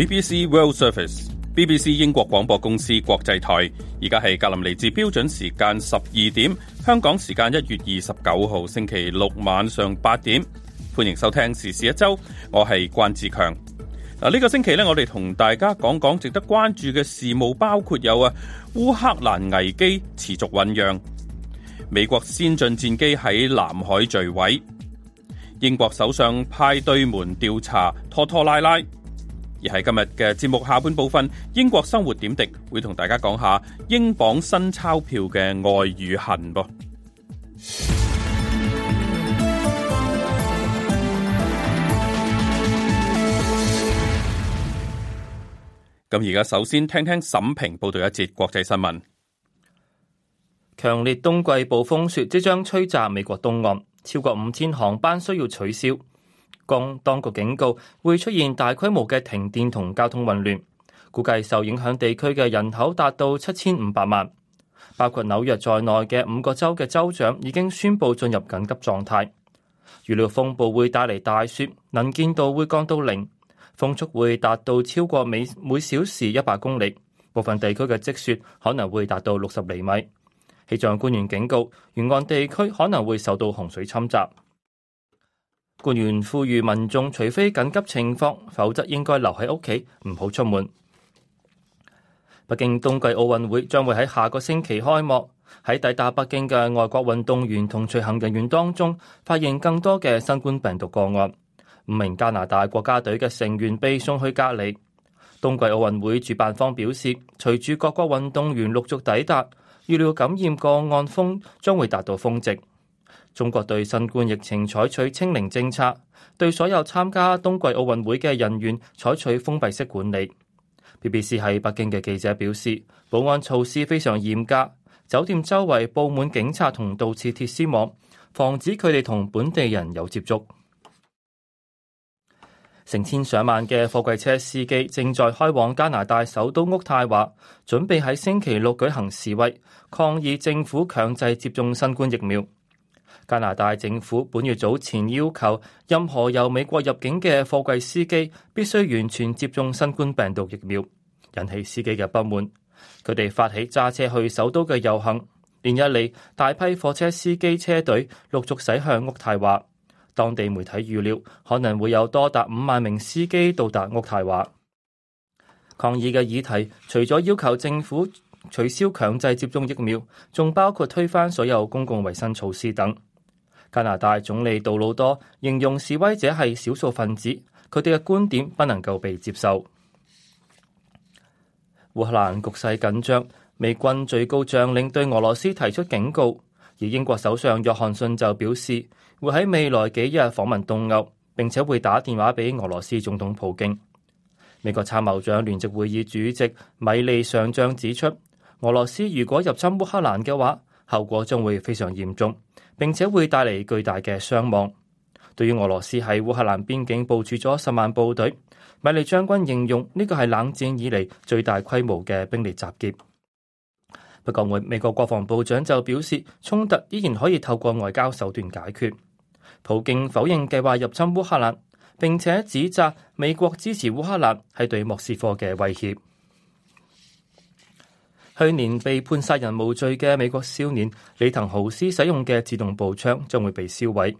BBC World Service，BBC 英國廣播公司國際台。而家係格林尼治標準時間十二點，香港時間一月二十九號星期六晚上八點，歡迎收聽時事一周。我係關志強。嗱，呢個星期咧，我哋同大家講講值得關注嘅事務，包括有啊，烏克蘭危機持續醞釀，美國先進戰機喺南海墜毀，英國首相派對門調查拖拖拉拉。而喺今日嘅節目下半部分，英國生活點滴會同大家講下英鎊新鈔票嘅愛與恨噃。咁而家首先聽聽沈平報道一節國際新聞。強烈冬季暴風雪即將吹襲美國東岸，超過五千航班需要取消。當局警告會出現大規模嘅停電同交通混亂，估計受影響地區嘅人口達到七千五百萬，包括紐約在內嘅五個州嘅州長已經宣布進入緊急狀態。預料風暴會帶嚟大雪，能見度會降到零，風速會達到超過每每小時一百公里，部分地區嘅積雪可能會達到六十厘米。氣象官員警告，沿岸地區可能會受到洪水侵襲。官員呼籲民眾，除非緊急情況，否則應該留喺屋企，唔好出門。北京冬季奧運會將會喺下個星期開幕。喺抵達北京嘅外國運動員同隨行人員當中，發現更多嘅新冠病毒個案。五名加拿大國家隊嘅成員被送去隔離。冬季奧運會主辦方表示，隨住各國運動員陸續抵達，預料感染個案峰將會達到峰值。中國對新冠疫情採取清零政策，對所有參加冬季奧運會嘅人員採取封閉式管理。BBC 喺北京嘅記者表示，保安措施非常嚴格，酒店周圍佈滿警察同倒刺鐵絲網，防止佢哋同本地人有接觸。成千上萬嘅貨櫃車司機正在開往加拿大首都渥太華，準備喺星期六舉行示威，抗議政府強制接種新冠疫苗。加拿大政府本月早前要求任何由美國入境嘅貨櫃司機必須完全接種新冠病毒疫苗，引起司機嘅不滿。佢哋發起揸車去首都嘅遊行，連日嚟，大批貨車司機車隊陸續駛向渥太華。當地媒體預料可能會有多達五萬名司機到達渥太華。抗議嘅議題除咗要求政府取消強制接種疫苗，仲包括推翻所有公共衛生措施等。加拿大總理杜魯多形容示威者係少數分子，佢哋嘅觀點不能夠被接受。烏克蘭局勢緊張，美軍最高將領對俄羅斯提出警告，而英國首相約翰遜就表示會喺未來幾日訪問東歐，並且會打電話俾俄羅斯總統普京。美國參謀長聯席會議主席米利上將指出，俄羅斯如果入侵烏克蘭嘅話，後果將會非常嚴重。並且會帶嚟巨大嘅傷亡。對於俄羅斯喺烏克蘭邊境部署咗十萬部隊，米利將軍形容呢個係冷戰以嚟最大規模嘅兵力集結。不過，美美國國防部長就表示，衝突依然可以透過外交手段解決。普京否認計劃入侵烏克蘭，並且指責美國支持烏克蘭係對莫斯科嘅威脅。去年被判殺人無罪嘅美國少年李騰豪斯使用嘅自動步槍將會被銷毀。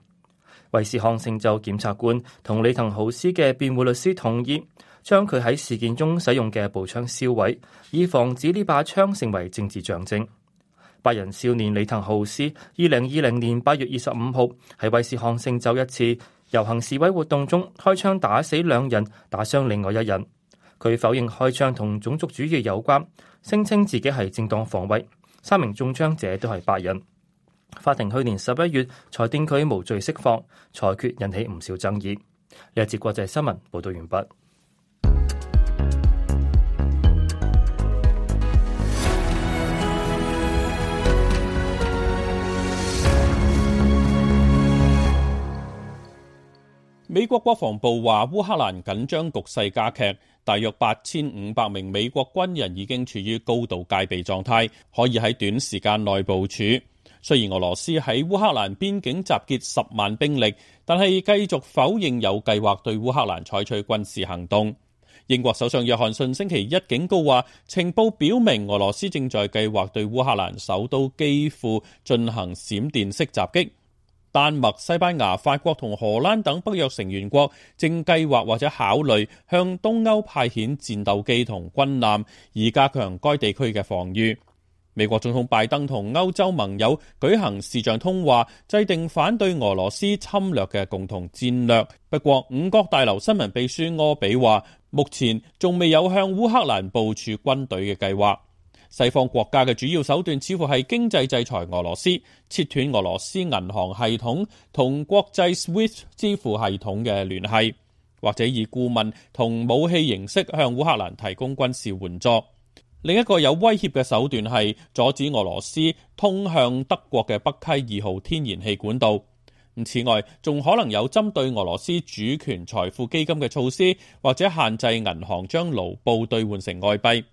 威斯康星州檢察官同李騰豪斯嘅辯護律師同意將佢喺事件中使用嘅步槍銷毀，以防止呢把槍成為政治象徵。白人少年李騰豪斯二零二零年八月二十五號喺威斯康星州一次遊行示威活動中開槍打死兩人，打傷另外一人。佢否認開槍同種族主義有關。聲稱自己係正當防衛，三名中槍者都係白人。法庭去年十一月裁定佢無罪釋放，裁決引起唔少爭議。呢日節國際新聞報道完畢。美國國防部話烏克蘭緊張局勢加劇。大約八千五百名美國軍人已經處於高度戒備狀態，可以喺短時間內部署。雖然俄羅斯喺烏克蘭邊境集結十萬兵力，但係繼續否認有計劃對烏克蘭採取軍事行動。英國首相約翰遜星期一警告話，情報表明俄羅斯正在計劃對烏克蘭首都基輔進行閃電式襲擊。丹麥、西班牙、法國同荷蘭等北約成員國正計劃或者考慮向東歐派遣戰鬥機同軍艦，以加強該地區嘅防禦。美國總統拜登同歐洲盟友舉行視像通話，制定反對俄羅斯侵略嘅共同戰略。不過，五角大樓新聞秘書柯比話，目前仲未有向烏克蘭部署軍隊嘅計劃。西方國家嘅主要手段似乎係經濟制裁俄羅斯，切斷俄羅斯銀行系統同國際 Swift 支付系統嘅聯繫，或者以顧問同武器形式向烏克蘭提供軍事援助。另一個有威脅嘅手段係阻止俄羅斯通向德國嘅北溪二號天然氣管道。此外，仲可能有針對俄羅斯主權財富基金嘅措施，或者限制銀行將盧布兌換成外幣。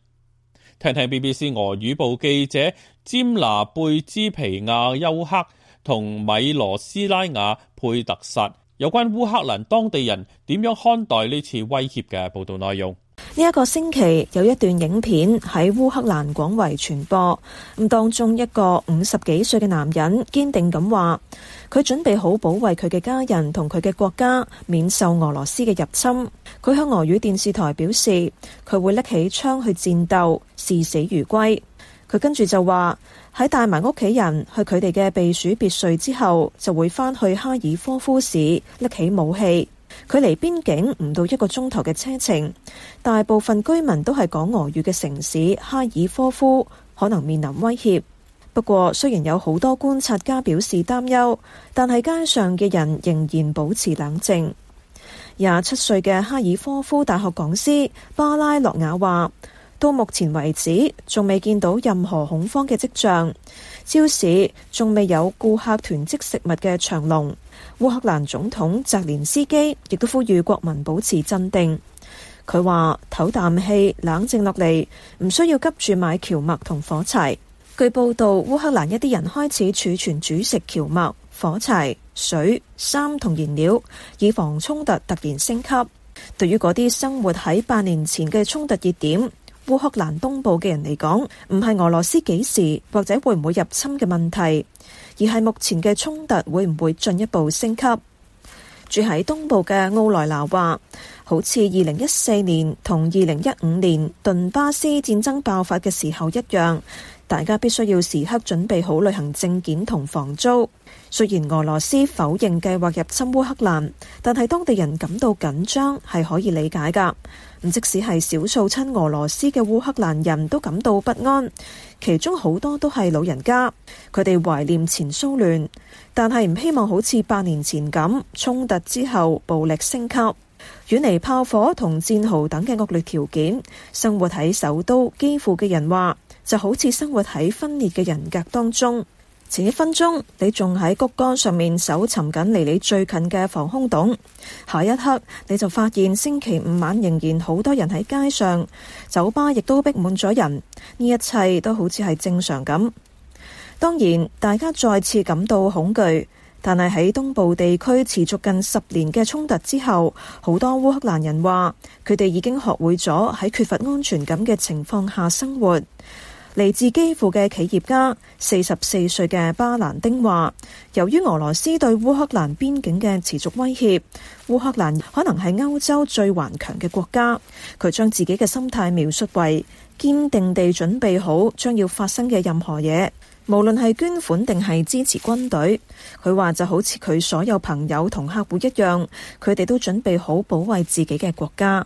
聽聽 BBC 俄語部記者詹拿貝茲皮亞丘克同米羅斯拉雅佩特薩有關烏克蘭當地人點樣看待呢次威脅嘅報道內容。呢一個星期有一段影片喺烏克蘭廣為傳播，咁當中一個五十幾歲嘅男人堅定咁話：佢準備好保衛佢嘅家人同佢嘅國家，免受俄羅斯嘅入侵。佢向俄語電視台表示，佢會拎起槍去戰鬥，視死如歸。佢跟住就話，喺帶埋屋企人去佢哋嘅避暑別墅之後，就會返去哈爾科夫市拎起武器。距離邊境唔到一個鐘頭嘅車程，大部分居民都係講俄語嘅城市哈爾科夫可能面臨威脅。不過，雖然有好多觀察家表示擔憂，但係街上嘅人仍然保持冷靜。廿七歲嘅哈爾科夫大學講師巴拉洛雅話：到目前為止，仲未見到任何恐慌嘅跡象。超市仲未有顧客囤積食物嘅長龍。烏克蘭總統澤連斯基亦都呼籲國民保持鎮定，佢話：唞啖氣，冷靜落嚟，唔需要急住買蕎麥同火柴。據報道，烏克蘭一啲人開始儲存主食蕎麥。火柴、水、衫同燃料，以防衝突突然升級。對於嗰啲生活喺八年前嘅衝突熱點烏克蘭東部嘅人嚟講，唔係俄羅斯幾時或者會唔會入侵嘅問題，而係目前嘅衝突會唔會進一步升級。住喺東部嘅奧萊娜話，好似二零一四年同二零一五年頓巴斯戰爭爆發嘅時候一樣，大家必須要時刻準備好旅行證件同房租。雖然俄羅斯否認計劃入侵烏克蘭，但係當地人感到緊張係可以理解噶即使係少數親俄羅斯嘅烏克蘭人都感到不安，其中好多都係老人家，佢哋懷念前蘇聯，但係唔希望好似八年前咁衝突之後暴力升級，遠離炮火同戰壕等嘅惡劣條件。生活喺首都基輔嘅人話，就好似生活喺分裂嘅人格當中。前一分鐘你仲喺谷歌上面搜尋緊離你最近嘅防空洞，下一刻你就發現星期五晚仍然好多人喺街上，酒吧亦都逼滿咗人。呢一切都好似係正常咁。當然，大家再次感到恐懼，但係喺東部地區持續近十年嘅衝突之後，好多烏克蘭人話佢哋已經學會咗喺缺乏安全感嘅情況下生活。嚟自基輔嘅企業家，四十四歲嘅巴蘭丁話，由於俄羅斯對烏克蘭邊境嘅持續威脅，烏克蘭可能係歐洲最頑強嘅國家。佢將自己嘅心態描述為堅定地準備好將要發生嘅任何嘢，無論係捐款定係支持軍隊。佢話就好似佢所有朋友同客戶一樣，佢哋都準備好保衛自己嘅國家。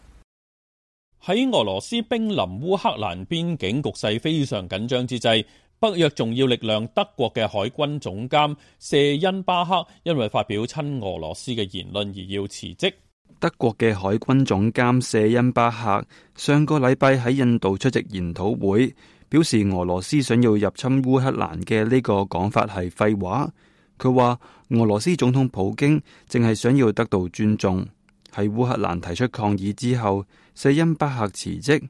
喺俄羅斯兵臨烏克蘭邊境，局勢非常緊張之際，北約重要力量德國嘅海軍總監謝恩巴克因為發表親俄羅斯嘅言論而要辭職。德國嘅海軍總監謝恩巴克上個禮拜喺印度出席研討會，表示俄羅斯想要入侵烏克蘭嘅呢個講法係廢話。佢話俄羅斯總統普京淨係想要得到尊重。喺烏克蘭提出抗議之後。舍恩巴赫辭職，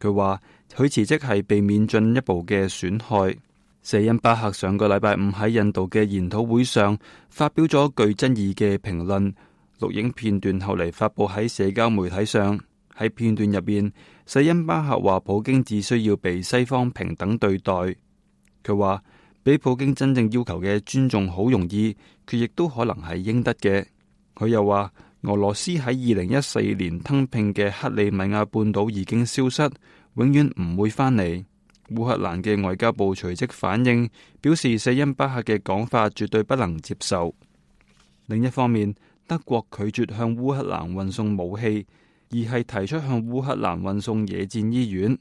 佢話佢辭職係避免進一步嘅損害。舍恩巴赫上個禮拜五喺印度嘅研討會上發表咗具爭議嘅評論，錄影片段後嚟發布喺社交媒體上。喺片段入邊，舍恩巴赫話普京只需要被西方平等對待。佢話，俾普京真正要求嘅尊重好容易，佢亦都可能係應得嘅。佢又話。俄羅斯喺二零一四年吞併嘅克里米亞半島已經消失，永遠唔會返嚟。烏克蘭嘅外交部隨即反應，表示四恩巴克嘅講法絕對不能接受。另一方面，德國拒絕向烏克蘭運送武器，而係提出向烏克蘭運送野戰醫院。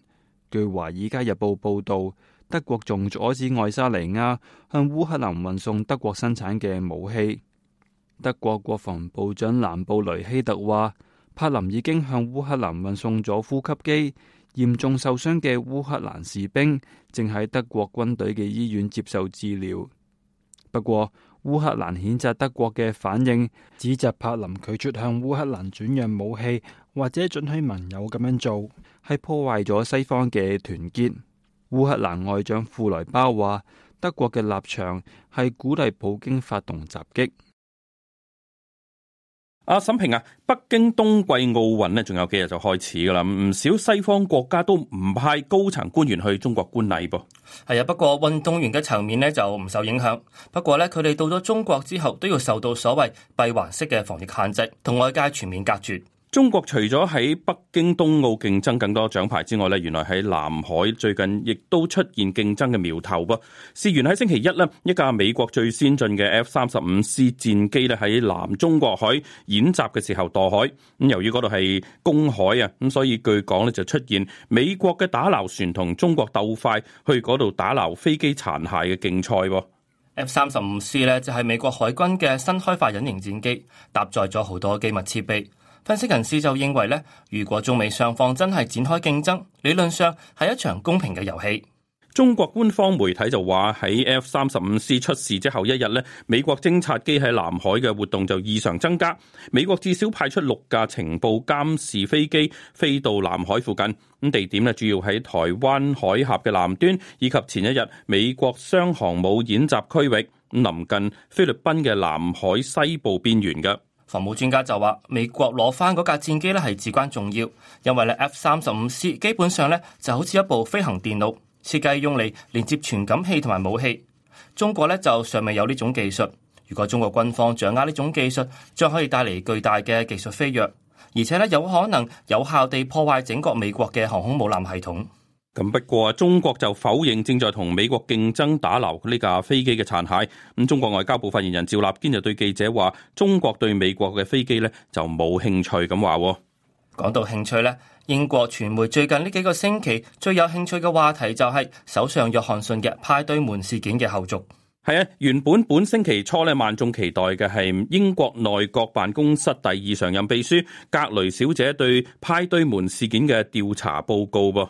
據《華爾街日報》報道，德國仲阻止愛沙尼亞向烏克蘭運送德國生產嘅武器。德國國防部長蘭布雷希特話：柏林已經向烏克蘭運送咗呼吸機。嚴重受傷嘅烏克蘭士兵正喺德國軍隊嘅醫院接受治療。不過，烏克蘭譴責德國嘅反應，指責柏林拒絕向烏克蘭轉讓武器或者准許盟友咁樣做，係破壞咗西方嘅團結。烏克蘭外長庫萊巴話：德國嘅立場係鼓勵普京發動襲擊。阿、啊、沈平啊，北京冬季奧運咧，仲有幾日就開始噶啦，唔少西方國家都唔派高層官員去中國觀禮噃、啊。係啊，不過運動員嘅層面咧就唔受影響。不過咧，佢哋到咗中國之後，都要受到所謂閉環式嘅防疫限制，同外界全面隔絕。中國除咗喺北京冬奧競爭更多獎牌之外咧，原來喺南海最近亦都出現競爭嘅苗頭噃。事源喺星期一咧，一架美國最先進嘅 F 三十五 C 戰機咧喺南中國海演習嘅時候墮海。咁由於嗰度係公海啊，咁所以據講咧就出現美國嘅打撈船同中國鬥快去嗰度打撈飛機殘骸嘅競賽。F 三十五 C 咧就係美國海軍嘅新開發隱形戰機，搭載咗好多機密設備。分析人士就認為咧，如果仲未上放，真係展開競爭，理論上係一場公平嘅遊戲。中國官方媒體就話喺 F 三十五 C 出事之後一日咧，美國偵察機喺南海嘅活動就異常增加。美國至少派出六架情報監視飛機飛到南海附近，咁地點咧主要喺台灣海峽嘅南端，以及前一日美國雙航母演習區域，臨近菲律賓嘅南海西部邊緣嘅。防務專家就話：美國攞翻嗰架戰機咧係至關重要，因為呢 F 三十五 C 基本上咧就好似一部飛行電腦，設計用嚟連接傳感器同埋武器。中國呢就尚未有呢種技術。如果中國軍方掌握呢種技術，將可以帶嚟巨大嘅技術飛躍，而且咧有可能有效地破壞整個美國嘅航空母艦系統。咁不過，中國就否認正在同美國競爭打撈呢架飛機嘅殘骸。咁,中國外交部發言人趙立堅就對記者話，中國對美國嘅飛機咧就冇興趣。咁話講到興趣呢，英國傳媒最近呢幾個星期最有興趣嘅話題就係首相約翰遜嘅派對門事件嘅後續。係啊，原本本星期初咧，萬眾期待嘅係英國內閣辦公室第二常任秘書格雷小姐對派對門事件嘅調查報告噃。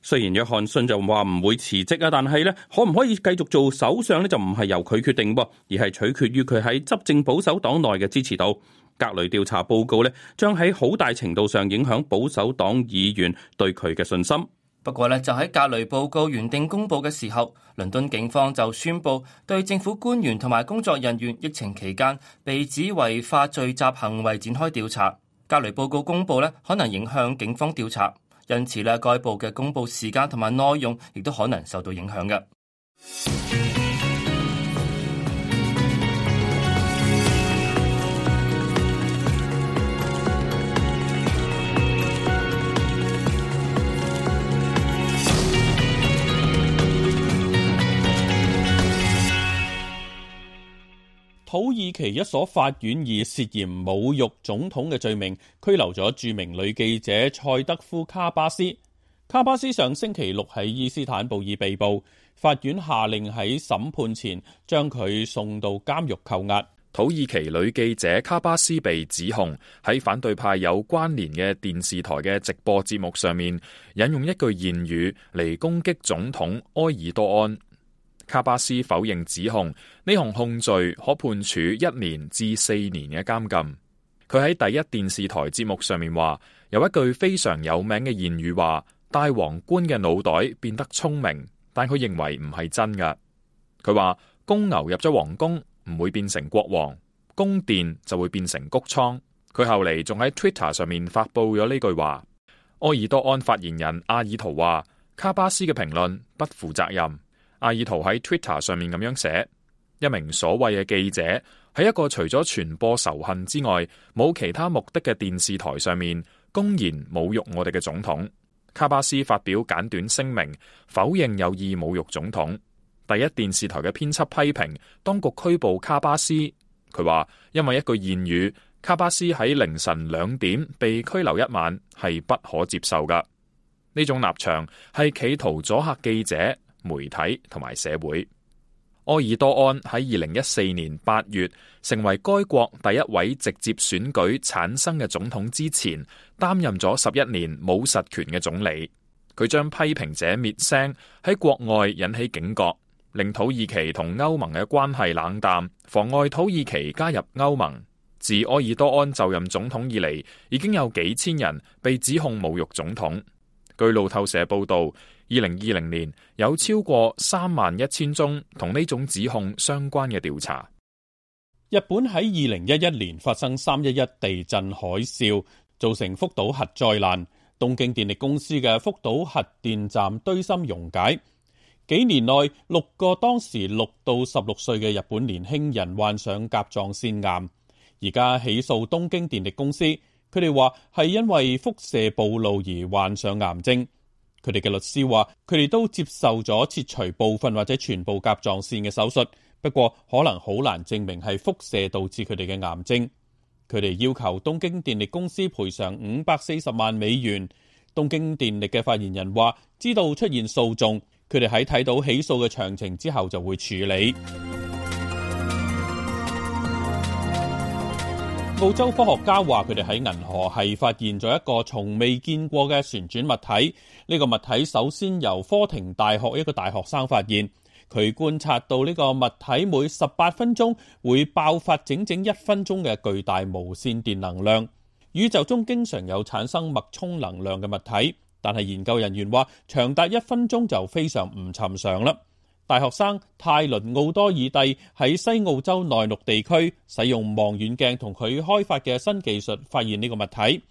雖然約翰遜就話唔會辭職啊，但係咧可唔可以繼續做首相咧，就唔係由佢決定喎，而係取決於佢喺執政保守黨內嘅支持度。格雷調查報告咧，將喺好大程度上影響保守黨議員對佢嘅信心。不過咧，就喺格雷報告原定公布嘅時候，倫敦警方就宣布對政府官員同埋工作人員疫情期間被指違法聚集行為展開調查。格雷報告公布咧，可能影響警方調查。因此咧，該部嘅公佈時間同埋內容，亦都可能受到影響嘅。土耳其一所法院以涉嫌侮辱總統嘅罪名拘留咗著名女記者塞德夫卡巴斯。卡巴斯上星期六喺伊斯坦布爾被捕，法院下令喺審判前將佢送到監獄扣押。土耳其女記者卡巴斯被指控喺反對派有關聯嘅電視台嘅直播節目上面引用一句諺語嚟攻擊總統埃爾多安。卡巴斯否認指控，呢項控罪可判處一年至四年嘅監禁。佢喺第一電視台節目上面話，有一句非常有名嘅諺語話：戴皇冠嘅腦袋變得聰明，但佢認為唔係真㗎。佢話公牛入咗皇宮唔會變成國王，宮殿就會變成谷倉。佢後嚟仲喺 Twitter 上面發布咗呢句話。埃爾多安發言人阿爾圖話：卡巴斯嘅評論不負責任。阿爾圖喺 Twitter 上面咁樣寫：一名所謂嘅記者喺一個除咗傳播仇恨之外冇其他目的嘅電視台上面公然侮辱我哋嘅總統。卡巴斯發表簡短聲明否認有意侮辱總統。第一電視台嘅編輯批評當局拘捕卡巴斯。佢話因為一句諺語，卡巴斯喺凌晨兩點被拘留一晚係不可接受噶。呢種立場係企圖阻嚇記者。媒體同埋社會，埃爾多安喺二零一四年八月成為該國第一位直接選舉產生嘅總統之前，擔任咗十一年冇實權嘅總理。佢將批評者滅聲，喺國外引起警覺，令土耳其同歐盟嘅關係冷淡，妨礙土耳其加入歐盟。自埃爾多安就任總統以嚟，已經有幾千人被指控侮辱總統。據路透社報道，二零二零年有超過三萬一千宗同呢種指控相關嘅調查。日本喺二零一一年發生三一一地震海嘯，造成福島核災難，東京電力公司嘅福島核電站堆芯溶解。幾年內，六個當時六到十六歲嘅日本年輕人患上甲狀腺癌，而家起訴東京電力公司。佢哋話係因為輻射暴露而患上癌症。佢哋嘅律師話：佢哋都接受咗切除部分或者全部甲狀腺嘅手術，不過可能好難證明係輻射導致佢哋嘅癌症。佢哋要求東京電力公司賠償五百四十萬美元。東京電力嘅發言人話：知道出現訴訟，佢哋喺睇到起訴嘅詳情之後就會處理。澳洲科學家話佢哋喺銀河系發現咗一個從未見過嘅旋轉物體。呢個物體首先由科廷大學一個大學生發現，佢觀察到呢個物體每十八分鐘會爆發整整一分鐘嘅巨大無線電能量。宇宙中經常有產生脈衝能量嘅物體，但係研究人員話長達一分鐘就非常唔尋常啦。大學生泰倫奧多爾蒂喺西澳洲內陸地區使用望遠鏡同佢開發嘅新技術發現呢個物體。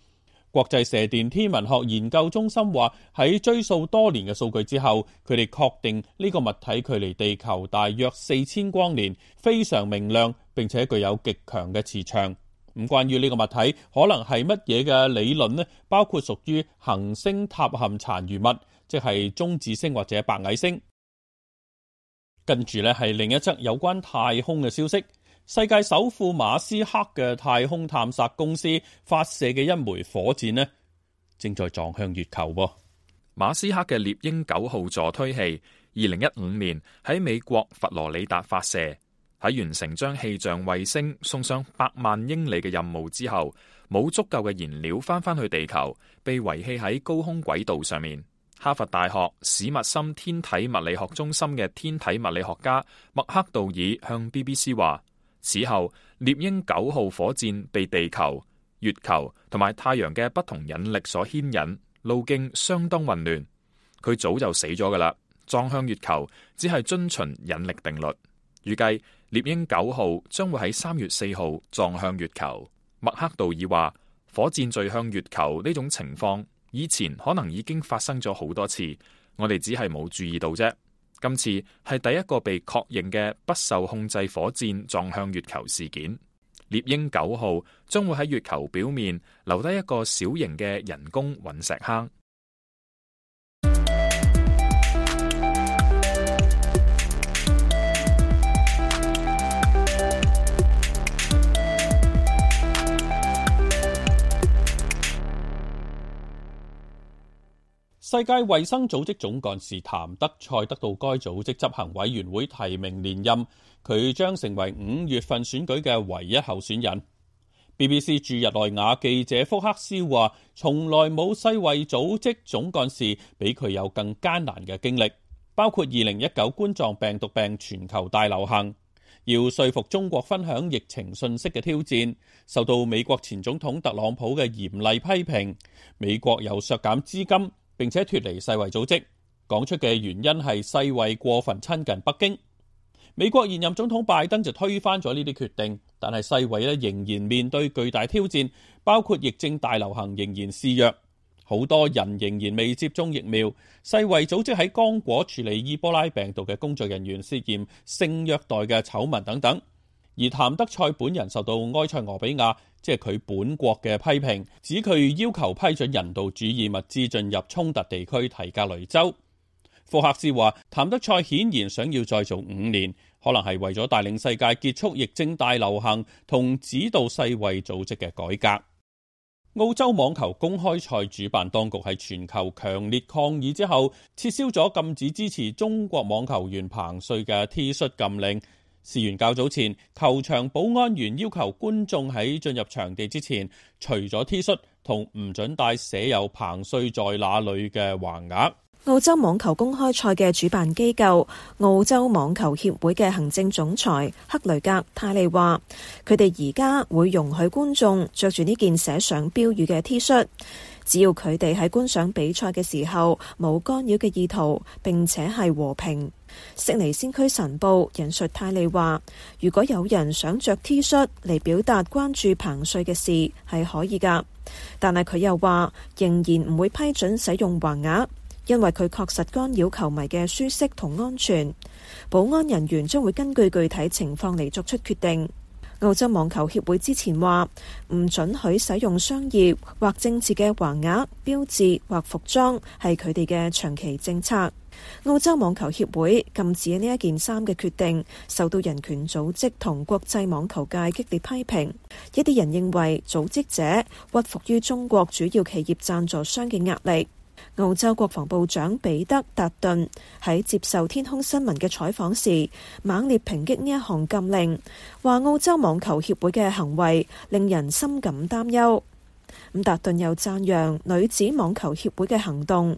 國際射電天文學研究中心話喺追溯多年嘅數據之後，佢哋確定呢個物體距離地球大約四千光年，非常明亮，並且具有極強嘅磁場。咁關於呢個物體可能係乜嘢嘅理論呢？包括屬於恆星塌陷殘餘物，即係中子星或者白矮星。跟住咧，係另一則有關太空嘅消息，世界首富馬斯克嘅太空探索公司發射嘅一枚火箭呢，正在撞向月球。馬斯克嘅獵鷹九號助推器，二零一五年喺美國佛羅里達發射，喺完成將氣象衛星送上百萬英里嘅任務之後，冇足夠嘅燃料翻返去地球，被遺棄喺高空軌道上面。哈佛大學史密森天體物理學中心嘅天體物理學家麥克道爾向 BBC 話：此後獵鷹九號火箭被地球、月球同埋太陽嘅不同引力所牽引，路徑相當混亂。佢早就死咗噶啦，撞向月球只係遵循引力定律。預計獵鷹九號將會喺三月四號撞向月球。麥克道爾話：火箭墜向月球呢種情況以前可能已經發生咗好多次，我哋只係冇注意到啫。今次係第一個被確認嘅不受控制火箭撞向月球事件。獵鷹九號將會喺月球表面留低一個小型嘅人工隕石坑。世界衛生組織總幹事譚德賽得到該組織執行委員會提名連任，佢將成為五月份選舉嘅唯一候選人。BBC 駐日內瓦記者福克斯話，從來冇世衛組織總幹事比佢有更艱難嘅經歷，包括二零一九冠狀病毒病全球大流行，要說服中國分享疫情信息嘅挑戰，受到美國前總統特朗普嘅嚴厲批評，美國有削減資金。並且脫離世衛組織，講出嘅原因係世衛過分親近北京。美國現任總統拜登就推翻咗呢啲決定，但係世衛呢仍然面對巨大挑戰，包括疫症大流行仍然肆虐，好多人仍然未接種疫苗。世衛組織喺剛果處理伊波拉病毒嘅工作人員涉嫌性虐待嘅醜聞等等，而譚德賽本人受到埃塞俄比亞。即係佢本國嘅批評，指佢要求批准人道主義物資進入衝突地區提格雷州。霍克斯話，譚德賽顯然想要再做五年，可能係為咗帶領世界結束疫症大流行，同指導世衛組織嘅改革。澳洲網球公開賽主辦當局喺全球強烈抗議之後，撤銷咗禁止支持中國網球員彭帥嘅 T 恤禁令。事源較早前，球場保安員要求觀眾喺進入場地之前，除咗 T 恤同唔准帶寫有「彭帥在哪裏」嘅橫額。澳洲網球公開賽嘅主辦機構澳洲網球協會嘅行政總裁克雷格泰利話，佢哋而家會容許觀眾着住呢件寫上標語嘅 T 恤。只要佢哋喺觀賞比賽嘅時候冇干擾嘅意圖，並且係和平，悉尼先驅晨報引述泰利話：如果有人想着 T 恤嚟表達關注彭帥嘅事，係可以噶。但係佢又話，仍然唔會批准使用橫額，因為佢確實干擾球迷嘅舒適同安全。保安人員將會根據具體情況嚟作出決定。澳洲網球協會之前話唔准許使用商業或政治嘅橫額標誌或服裝，係佢哋嘅長期政策。澳洲網球協會禁止呢一件衫嘅決定，受到人權組織同國際網球界激烈批評。一啲人認為組織者屈服於中國主要企業贊助商嘅壓力。澳洲國防部長彼得達頓喺接受天空新聞嘅採訪時，猛烈抨擊呢一項禁令，話澳洲網球協會嘅行為令人深感擔憂。咁達頓又讚揚女子網球協會嘅行動，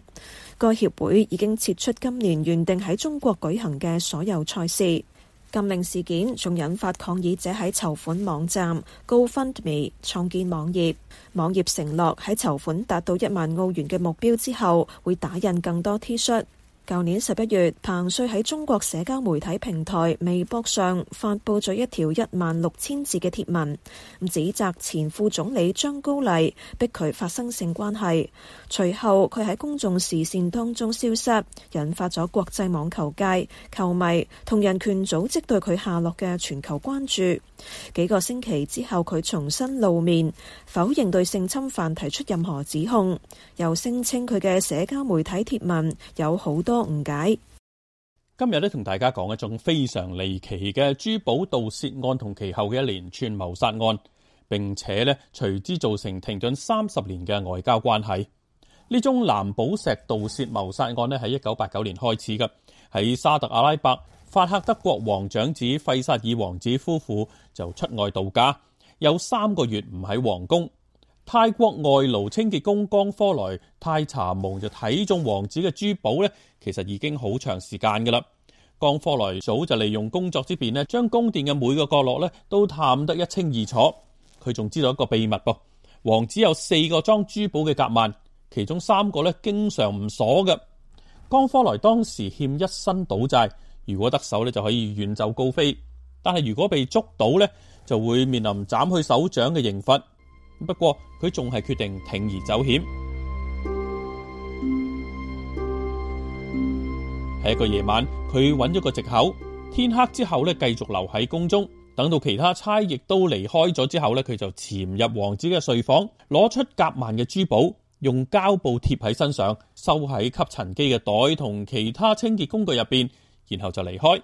該協會已經撤出今年原定喺中國舉行嘅所有賽事。禁令事件仲引發抗議者喺籌款網站 GoFundMe 創建網頁，網頁承諾喺籌款達到一萬澳元嘅目標之後，會打印更多 T 恤。舊年十一月，彭帥喺中國社交媒體平台微博上發佈咗一條一萬六千字嘅貼文，指責前副總理張高麗逼佢發生性關係。隨後佢喺公眾視線當中消失，引發咗國際網球界、球迷同人權組織對佢下落嘅全球關注。幾個星期之後，佢重新露面，否認對性侵犯提出任何指控，又聲稱佢嘅社交媒體貼文有好多誤解。今日咧同大家講一種非常離奇嘅珠寶盜竊案同其後嘅一連串謀殺案，並且咧隨之造成停頓三十年嘅外交關係。呢宗藍寶石盜竊謀殺案咧喺一九八九年開始嘅，喺沙特阿拉伯，法赫德國王長子費薩爾王子夫婦就出外度假，有三個月唔喺皇宮。泰國外勞清潔工江科萊太查蒙就睇中王子嘅珠寶咧，其實已經好長時間㗎喇。江科萊早就利用工作之便咧，將宮殿嘅每個角落咧都探得一清二楚。佢仲知道一個秘密噃，王子有四個裝珠寶嘅夾萬，其中三個咧經常唔鎖嘅。江科萊當時欠一身賭債，如果得手咧就可以遠走高飛，但係如果被捉到咧就會面臨斬去手掌嘅刑罰。不過佢仲係決定鋌而走險。喺一個夜晚，佢揾咗個藉口，天黑之後咧，繼續留喺宮中。等到其他差役都離開咗之後咧，佢就潛入王子嘅睡房，攞出夾萬嘅珠寶，用膠布貼喺身上，收喺吸塵機嘅袋同其他清潔工具入邊，然後就離開。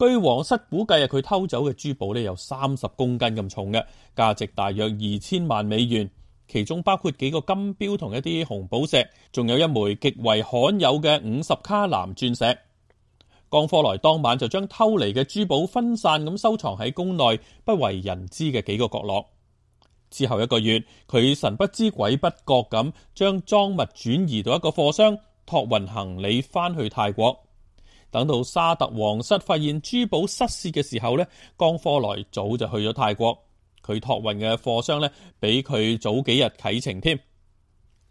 據皇室估計，佢偷走嘅珠寶咧有三十公斤咁重嘅，價值大約二千萬美元，其中包括幾個金表同一啲紅寶石，仲有一枚極為罕有嘅五十卡藍鑽石。江科萊當晚就將偷嚟嘅珠寶分散咁收藏喺宮內不為人知嘅幾個角落。之後一個月，佢神不知鬼不覺咁將贓物轉移到一個貨箱，託運行李翻去泰國。等到沙特皇室發現珠寶失竊嘅時候呢，江科萊早就去咗泰國。佢託運嘅貨箱呢，比佢早幾日啟程添。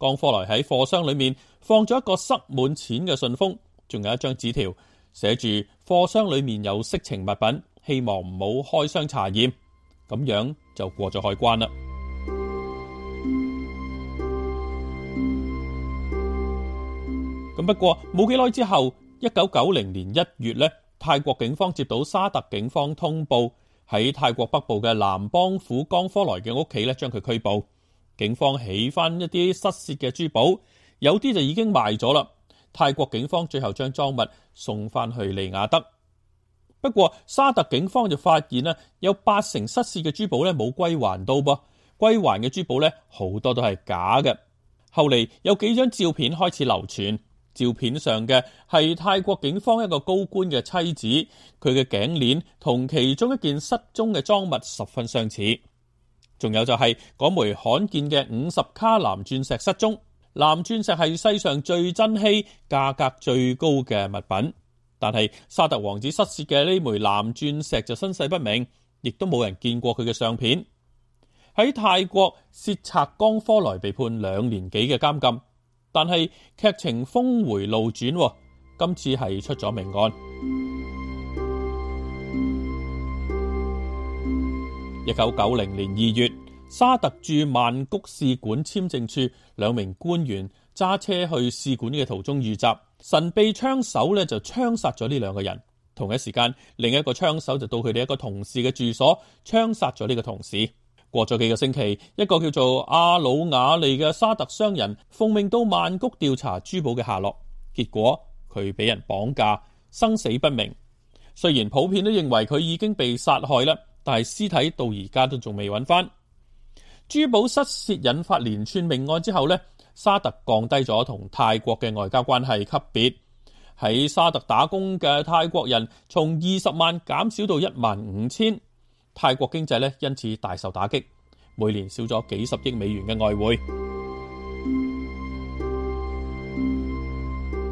江科萊喺貨箱裏面放咗一個塞滿錢嘅信封，仲有一張紙條寫，寫住貨箱裏面有色情物品，希望唔好開箱查驗。咁樣就過咗海關啦。咁不過冇幾耐之後。一九九零年一月咧，泰國警方接到沙特警方通報，喺泰國北部嘅南邦府江科萊嘅屋企咧，將佢拘捕。警方起翻一啲失竊嘅珠寶，有啲就已經賣咗啦。泰國警方最後將贓物送翻去利雅德。不過沙特警方就發現呢，有八成失竊嘅珠寶咧冇歸還到噃，歸還嘅珠寶咧好多都係假嘅。後嚟，有幾張照片開始流傳。照片上嘅係泰國警方一個高官嘅妻子，佢嘅頸鏈同其中一件失蹤嘅贓物十分相似。仲有就係嗰枚罕見嘅五十卡藍鑽石失蹤，藍鑽石係世上最珍稀、價格最高嘅物品。但係沙特王子失竊嘅呢枚藍鑽石就身世不明，亦都冇人見過佢嘅相片。喺泰國竊賊江科萊被判兩年幾嘅監禁。但係劇情峰迴路轉，今次係出咗命案。一九九零年二月，沙特駐曼谷使館簽證處兩名官員揸車去使館嘅途中遇襲，神秘槍手呢就槍殺咗呢兩個人。同一時間，另一個槍手就到佢哋一個同事嘅住所，槍殺咗呢個同事。過咗幾個星期，一個叫做阿魯瓦利嘅沙特商人奉命到曼谷調查珠寶嘅下落，結果佢俾人綁架，生死不明。雖然普遍都認為佢已經被殺害啦，但係屍體到而家都仲未揾翻。珠寶失竊引發連串命案之後呢，沙特降低咗同泰國嘅外交關係級別，喺沙特打工嘅泰國人從二十萬減少到一萬五千。泰國經濟咧，因此大受打擊，每年少咗幾十億美元嘅外匯。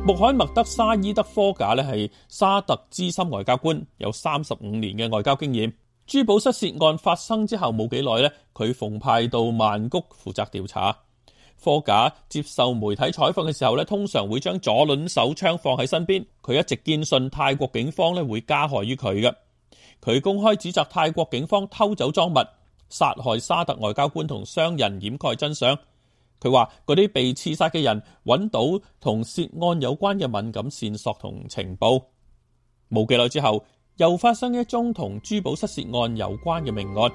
穆罕默德沙伊德科賈咧，係沙特資深外交官，有三十五年嘅外交經驗。珠寶失竊案發生之後冇幾耐咧，佢奉派到曼谷負責調查。科賈接受媒體採訪嘅時候咧，通常會將左輪手槍放喺身邊。佢一直堅信泰國警方咧會加害於佢嘅。佢公開指責泰國警方偷走贓物、殺害沙特外交官同商人、掩蓋真相。佢話嗰啲被刺殺嘅人揾到同涉案有關嘅敏感線索同情報。冇幾耐之後，又發生一宗同珠寶失竊案有關嘅命案。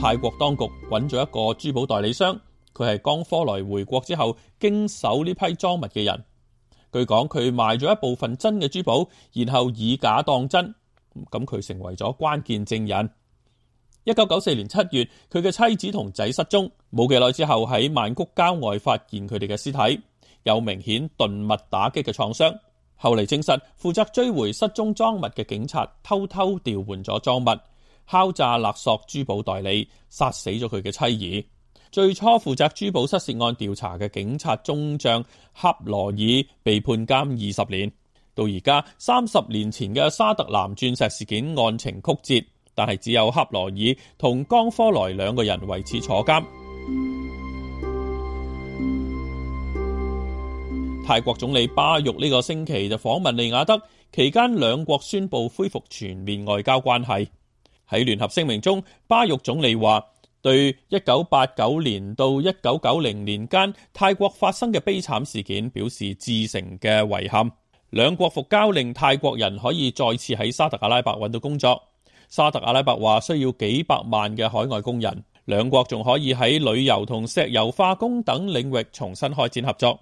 泰國當局揾咗一個珠寶代理商，佢係江科來回國之後經手呢批贓物嘅人。佢講佢賣咗一部分真嘅珠寶，然後以假當真咁，佢成為咗關鍵證人。一九九四年七月，佢嘅妻子同仔失蹤，冇幾耐之後喺曼谷郊外發現佢哋嘅屍體，有明顯鈍物打擊嘅創傷。後嚟證實負責追回失蹤贓物嘅警察偷偷調換咗贓物，敲詐勒索珠寶代理，殺死咗佢嘅妻兒。最初負責珠寶失竊案調查嘅警察中將克羅爾被判監二十年，到而家三十年前嘅沙特藍鑽石事件案情曲折，但係只有克羅爾同江科萊兩個人為此坐監。泰國總理巴育呢個星期就訪問利雅德，期間兩國宣布恢復全面外交關係。喺聯合聲明中，巴育總理話。對一九八九年到一九九零年間泰國發生嘅悲慘事件表示至誠嘅遺憾。兩國復交令泰國人可以再次喺沙特阿拉伯揾到工作。沙特阿拉伯話需要幾百萬嘅海外工人。兩國仲可以喺旅遊同石油化工等領域重新開展合作。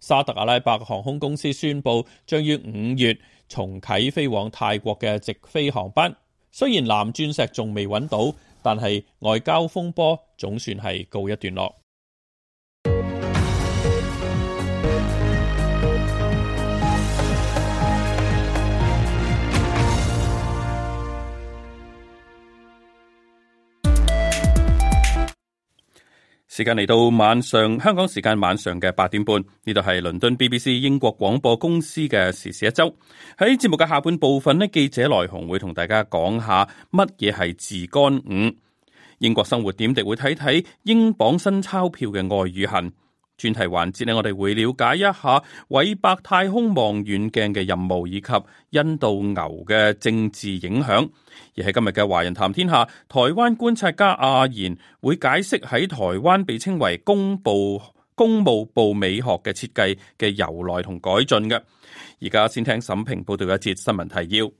沙特阿拉伯航空公司宣布將於五月重啟飛往泰國嘅直飛航班。雖然藍鑽石仲未揾到。但係外交風波總算係告一段落。時間嚟到晚上，香港時間晚上嘅八點半，呢度係倫敦 BBC 英國廣播公司嘅時事一周。喺節目嘅下半部分呢，記者來鴻會同大家講下乜嘢係自乾五。英國生活點滴會睇睇英鎊新鈔票嘅愛與恨。專題環節咧，我哋會了解一下韋伯太空望遠鏡嘅任務，以及印度牛嘅政治影響。而喺今日嘅華人談天下，台灣觀察家阿賢會解釋喺台灣被稱為公部、公務部美學嘅設計嘅由來同改進嘅。而家先聽沈平報道一節新聞提要：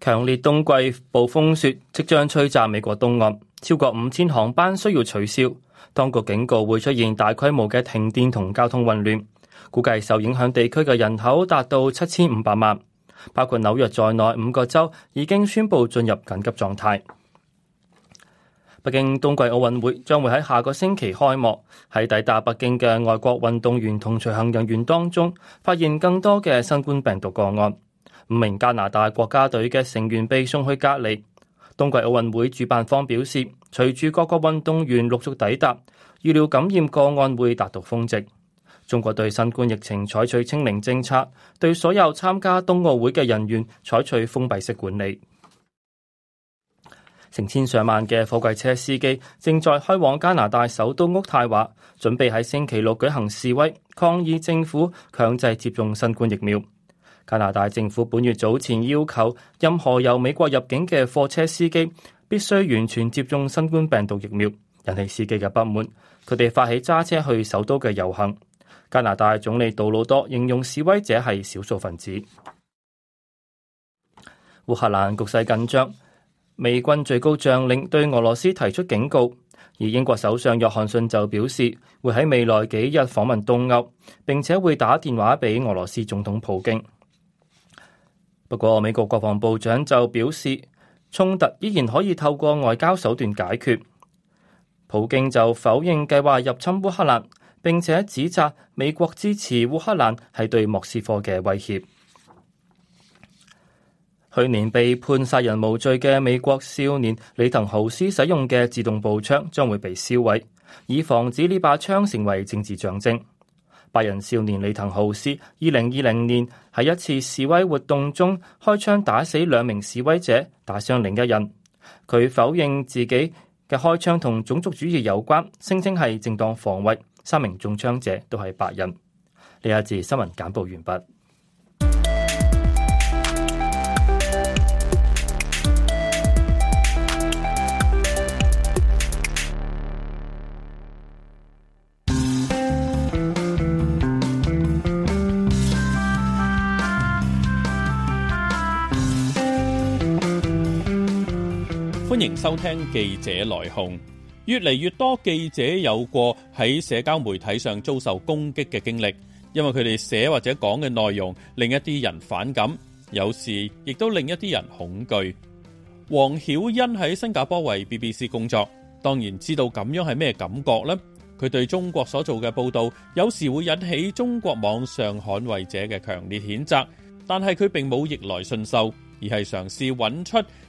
強烈冬季暴風雪即將吹襲美國東岸，超過五千航班需要取消。當局警告會出現大規模嘅停電同交通混亂，估計受影響地區嘅人口達到七千五百萬，包括紐約在內五個州已經宣布進入緊急狀態。北京冬季奧運會將會喺下個星期開幕，喺抵達北京嘅外國運動員同隨行人員當中，發現更多嘅新冠病毒個案。五名加拿大國家隊嘅成員被送去隔離。冬季奧運會主辦方表示，隨住各個運動員陸續抵達，預料感染個案會達到峰值。中國對新冠疫情採取清零政策，對所有參加冬奧會嘅人員採取封閉式管理。成千上萬嘅貨櫃車司機正在開往加拿大首都渥太華，準備喺星期六舉行示威，抗議政府強制接種新冠疫苗。加拿大政府本月早前要求任何由美國入境嘅貨車司機，必須完全接種新冠病毒疫苗，引起司機嘅不滿，佢哋發起揸車去首都嘅遊行。加拿大總理杜魯多形容示威者係少數分子。烏克蘭局勢緊張，美軍最高將領對俄羅斯提出警告，而英國首相約翰遜就表示會喺未來幾日訪問東歐，並且會打電話俾俄羅斯總統普京。不過美國國防部長就表示，衝突依然可以透過外交手段解決。普京就否認計劃入侵烏克蘭，並且指責美國支持烏克蘭係對莫斯科嘅威脅。去年被判殺人無罪嘅美國少年里藤豪斯使用嘅自動步槍將會被銷毀，以防止呢把槍成為政治象徵。白人少年李騰豪斯二零二零年喺一次示威活動中開槍打死兩名示威者，打傷另一人。佢否認自己嘅開槍同種族主義有關，聲稱係正當防衛。三名中槍者都係白人。呢一節新聞簡報完畢。收聽記者來鴻，越嚟越多記者有過喺社交媒體上遭受攻擊嘅經歷，因為佢哋寫或者講嘅內容令一啲人反感，有時亦都令一啲人恐懼。黃曉欣喺新加坡為 BBC 工作，當然知道咁樣係咩感覺咧。佢對中國所做嘅報道，有時會引起中國網上捍衛者嘅強烈譴責，但係佢並冇逆來順受，而係嘗試揾出。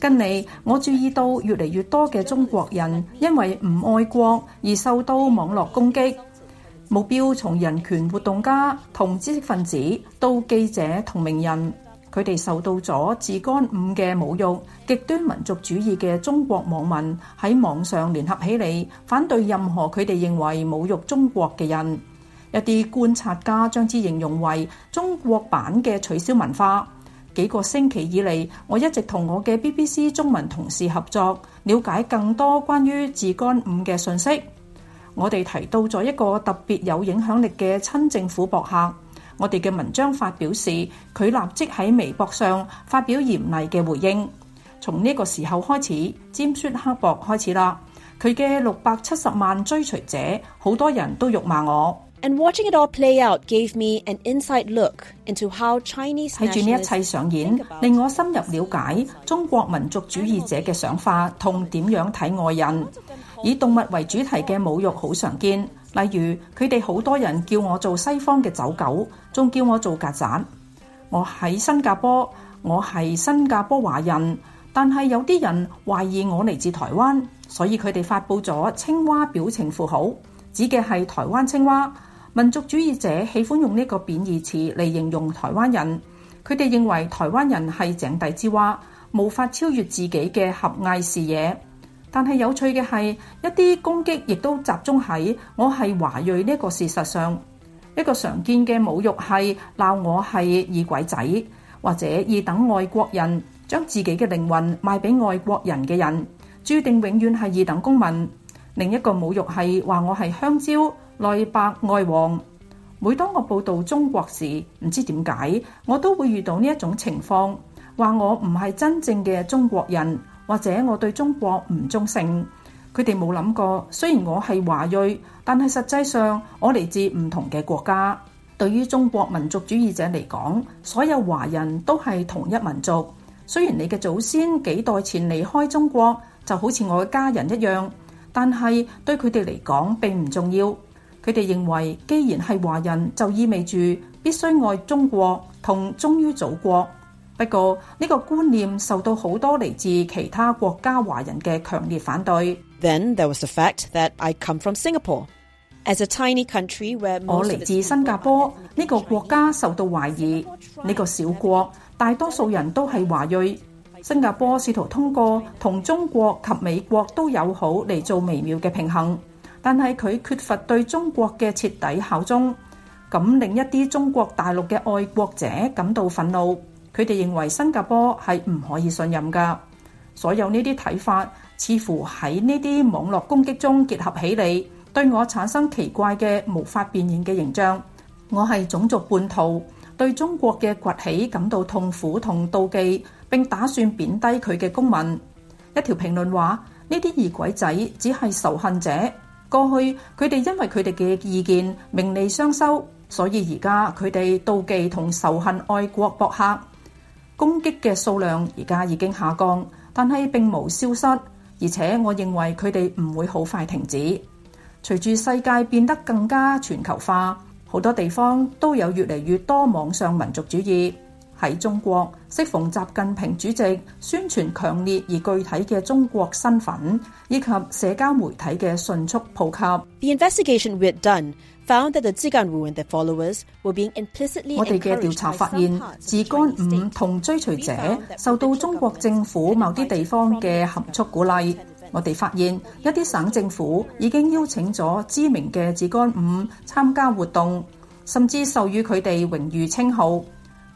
近來，我注意到越嚟越多嘅中國人因為唔愛國而受到網絡攻擊目標從人權活動家同知識分子到記者同名人，佢哋受到咗自乾五嘅侮辱。極端民族主義嘅中國網民喺網上聯合起嚟，反對任何佢哋認為侮辱中國嘅人。一啲觀察家將之形容為中國版嘅取消文化。幾個星期以嚟，我一直同我嘅 BBC 中文同事合作，了解更多關於自乾五嘅信息。我哋提到咗一個特別有影響力嘅親政府博客，我哋嘅文章發表時，佢立即喺微博上發表嚴厲嘅回應。從呢個時候開始，尖酸刻薄開始啦。佢嘅六百七十萬追隨者，好多人都辱罵我。And watching it all play out gave me an inside look into how Chinese。睇住呢一切上演，令我深入了解中國民族主義者嘅想法同點樣睇外人。以動物為主題嘅侮辱好常見，例如佢哋好多人叫我做西方嘅走狗，仲叫我做曱甴。我喺新加坡，我係新加坡華人，但係有啲人懷疑我嚟自台灣，所以佢哋發佈咗青蛙表情符號，指嘅係台灣青蛙。民族主義者喜歡用呢個貶義詞嚟形容台灣人，佢哋認為台灣人係井底之蛙，無法超越自己嘅狹隘視野。但係有趣嘅係，一啲攻擊亦都集中喺我係華裔呢個事實上。一個常見嘅侮辱係鬧我係二鬼仔，或者二等外國人，將自己嘅靈魂賣俾外國人嘅人，註定永遠係二等公民。另一個侮辱係話我係香蕉。內白外黃。每當我報道中國時，唔知點解，我都會遇到呢一種情況，話我唔係真正嘅中國人，或者我對中國唔忠誠。佢哋冇諗過，雖然我係華裔，但係實際上我嚟自唔同嘅國家。對於中國民族主義者嚟講，所有華人都係同一民族。雖然你嘅祖先幾代前離開中國，就好似我嘅家人一樣，但係對佢哋嚟講並唔重要。佢哋認為，既然係華人，就意味住必須愛中國同忠於祖國。不過呢個觀念受到好多嚟自其他國家華人嘅強烈反對。Then there was the fact that I come from Singapore, as a tiny country where 我嚟自新加坡呢個國家受到懷疑。呢個小國大多數人都係華裔。新加坡試圖通過同中國及美國都友好嚟做微妙嘅平衡。但係佢缺乏對中國嘅徹底效忠，咁令一啲中國大陸嘅愛國者感到憤怒。佢哋認為新加坡係唔可以信任噶。所有呢啲睇法似乎喺呢啲網絡攻擊中結合起嚟，對我產生奇怪嘅、無法辨認嘅形象。我係種族叛徒，對中國嘅崛起感到痛苦同妒忌，並打算貶低佢嘅公民。一條評論話：呢啲異鬼仔只係仇恨者。過去佢哋因為佢哋嘅意見名利雙收，所以而家佢哋妒忌同仇恨。愛國博客攻擊嘅數量而家已經下降，但係並冇消失，而且我認為佢哋唔會好快停止。隨住世界變得更加全球化，好多地方都有越嚟越多網上民族主義。喺中國適逢習近平主席宣傳強烈而具體嘅中國身份，以及社交媒體嘅迅速普及，我哋嘅調查發現，自乾五同追隨者受到中國政府某啲地方嘅含蓄鼓勵。我哋發現一啲省政府已經邀請咗知名嘅自乾五參加活動，甚至授予佢哋榮譽稱號。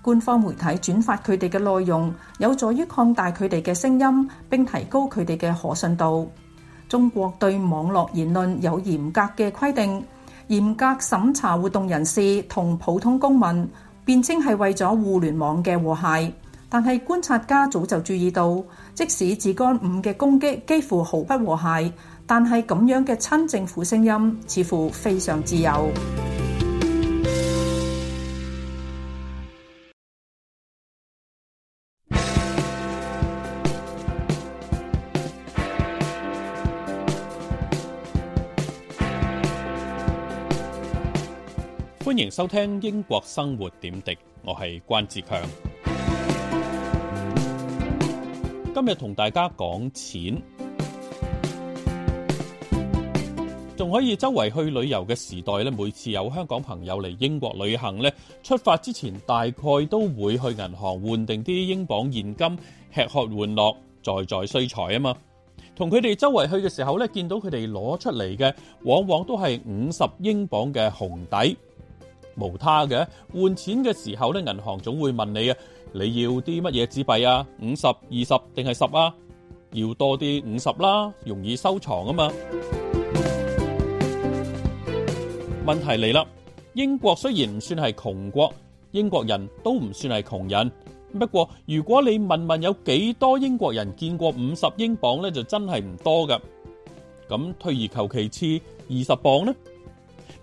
官方媒體轉發佢哋嘅內容，有助於擴大佢哋嘅聲音，並提高佢哋嘅可信度。中國對網絡言論有嚴格嘅規定，嚴格審查活動人士同普通公民，辯稱係為咗互聯網嘅和諧。但係觀察家早就注意到，即使自乾五嘅攻擊幾乎毫不和諧，但係咁樣嘅親政府聲音似乎非常自由。歡迎收聽英國生活點滴，我係關志強。今日同大家講錢，仲可以周圍去旅遊嘅時代咧。每次有香港朋友嚟英國旅行咧，出發之前大概都會去銀行換定啲英鎊現金，吃喝玩樂在在需財啊嘛，同佢哋周圍去嘅時候咧，見到佢哋攞出嚟嘅，往往都係五十英鎊嘅紅底。無他嘅，換錢嘅時候咧，銀行總會問你啊，你要啲乜嘢紙幣啊？五十、二十定係十啊？要多啲五十啦，容易收藏啊嘛。 問題嚟啦，英國雖然唔算係窮國，英國人都唔算係窮人。不過如果你問問有幾多英國人見過五十英鎊咧，就真係唔多㗎。咁退而求其次，二十鎊呢？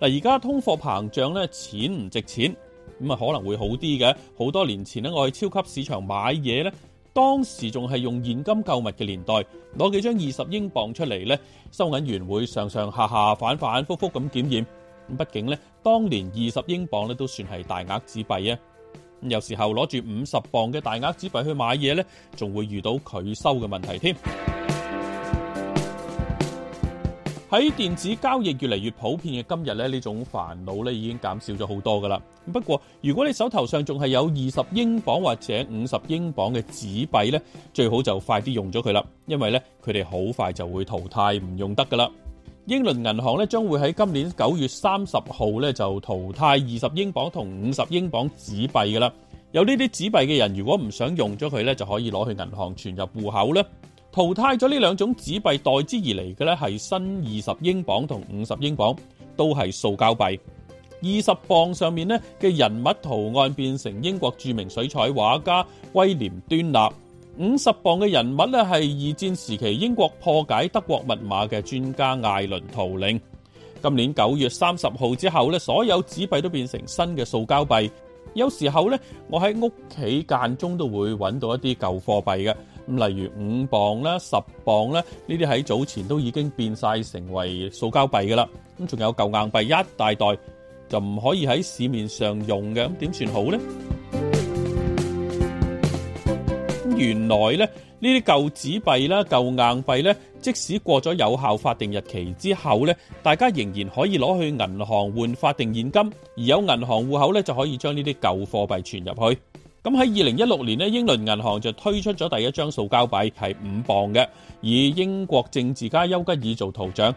嗱，而家通貨膨脹咧，錢唔值錢，咁啊可能會好啲嘅。好多年前咧，我去超級市場買嘢咧，當時仲係用現金購物嘅年代，攞幾張二十英鎊出嚟咧，收銀員會上上下下反反覆覆咁檢驗。咁畢竟咧，當年二十英鎊咧都算係大額紙幣啊。有時候攞住五十鎊嘅大額紙幣去買嘢咧，仲會遇到拒收嘅問題添。喺電子交易越嚟越普遍嘅今日咧，呢種煩惱咧已經減少咗好多噶啦。不過，如果你手頭上仲係有二十英鎊或者五十英鎊嘅紙幣咧，最好就快啲用咗佢啦，因為咧佢哋好快就會淘汰，唔用得噶啦。英倫銀行咧將會喺今年九月三十號咧就淘汰二十英鎊同五十英鎊紙幣噶啦。有呢啲紙幣嘅人，如果唔想用咗佢咧，就可以攞去銀行存入戶口咧。淘汰咗呢兩種紙幣，代之而嚟嘅咧，係新二十英鎊同五十英鎊，都係塑膠幣。二十鎊上面呢嘅人物圖案變成英國著名水彩畫家威廉端納，五十鎊嘅人物咧係二戰時期英國破解德國密碼嘅專家艾倫圖靈。今年九月三十號之後咧，所有紙幣都變成新嘅塑膠幣。有時候咧，我喺屋企間中都會揾到一啲舊貨幣嘅。例如五磅啦、十磅啦，呢啲喺早前都已經變晒成為塑膠幣嘅啦。咁仲有舊硬幣一大袋，就唔可以喺市面上用嘅，咁點算好呢？原來呢，呢啲舊紙幣啦、舊硬幣呢，即使過咗有效法定日期之後呢，大家仍然可以攞去銀行換法定現金，而有銀行戶口呢，就可以將呢啲舊貨幣存入去。咁喺二零一六年呢，英倫銀行就推出咗第一張塑膠幣，係五磅嘅，以英國政治家丘吉爾做圖像，二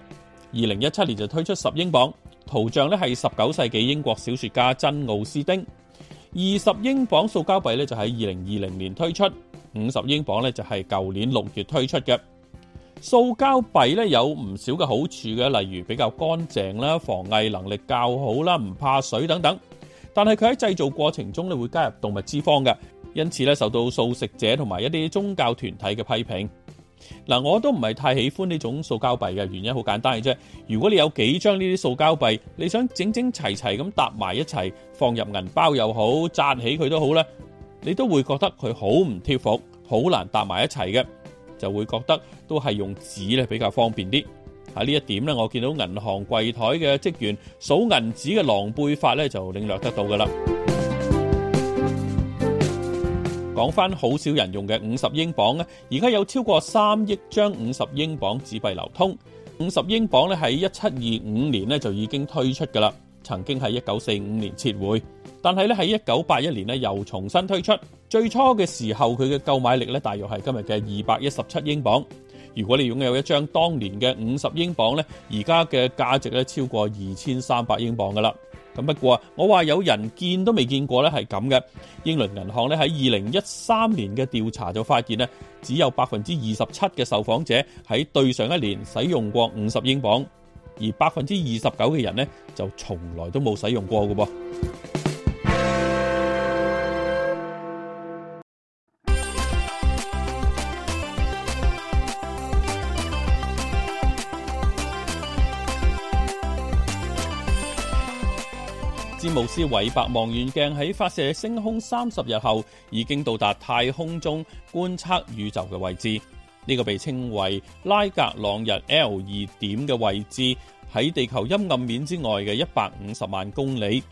零一七年就推出十英鎊，圖像呢係十九世紀英國小說家珍奧斯丁。二十英鎊塑膠幣呢就喺二零二零年推出，五十英鎊呢就係舊年六月推出嘅。塑膠幣呢有唔少嘅好處嘅，例如比較乾淨啦，防偽能力較好啦，唔怕水等等。但係佢喺製造過程中，你會加入動物脂肪嘅，因此咧受到素食者同埋一啲宗教團體嘅批評。嗱，我都唔係太喜歡呢種塑膠幣嘅原因，好簡單嘅啫。如果你有幾張呢啲塑膠幣，你想整整齊齊咁搭埋一齊放入銀包又好，紮起佢都好咧，你都會覺得佢好唔貼服，好難搭埋一齊嘅，就會覺得都係用紙咧比較方便啲。喺呢一點咧，我見到銀行櫃台嘅職員數銀紙嘅狼狽法咧，就領略得到㗎喇。講返好少人用嘅五十英鎊咧，而家有超過三億張五十英鎊紙幣流通。五十英鎊咧喺一七二五年咧就已經推出㗎喇，曾經喺一九四五年撤回，但係咧喺一九八一年咧又重新推出。最初嘅時候佢嘅購買力咧大約係今日嘅二百一十七英鎊。如果你擁有一張當年嘅五十英鎊呢，而家嘅價值咧，超過二千三百英鎊噶啦。咁不過啊，我話有人見都未見過呢係咁嘅。英倫銀行咧喺二零一三年嘅調查就發現呢，只有百分之二十七嘅受訪者喺對上一年使用過五十英鎊，而百分之二十九嘅人呢，就從來都冇使用過嘅噃。穆詹姆斯韋伯望遠鏡喺發射升空三十日後，已經到達太空中觀測宇宙嘅位置。呢、這個被稱為拉格朗日 L 二點嘅位置，喺地球陰暗面之外嘅一百五十萬公里。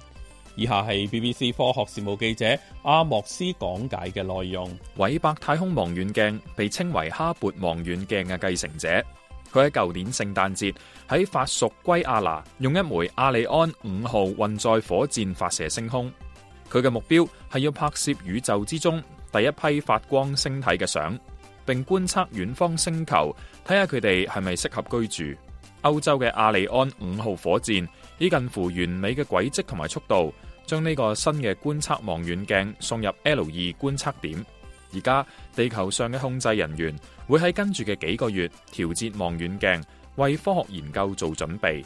以下係 BBC 科學事務記者阿莫斯講解嘅內容。韋伯太空望遠鏡被稱為哈勃望遠鏡嘅繼承者。佢喺舊年聖誕節喺法屬圭亞拿用一枚阿里安五號運載火箭發射升空，佢嘅目標係要拍攝宇宙之中第一批發光星體嘅相，並觀測遠方星球，睇下佢哋係咪適合居住。歐洲嘅阿里安五號火箭以近乎完美嘅軌跡同埋速度，將呢個新嘅觀測望遠鏡送入 L2 觀測點。而家地球上嘅控制人員會喺跟住嘅幾個月調節望遠鏡，為科學研究做準備。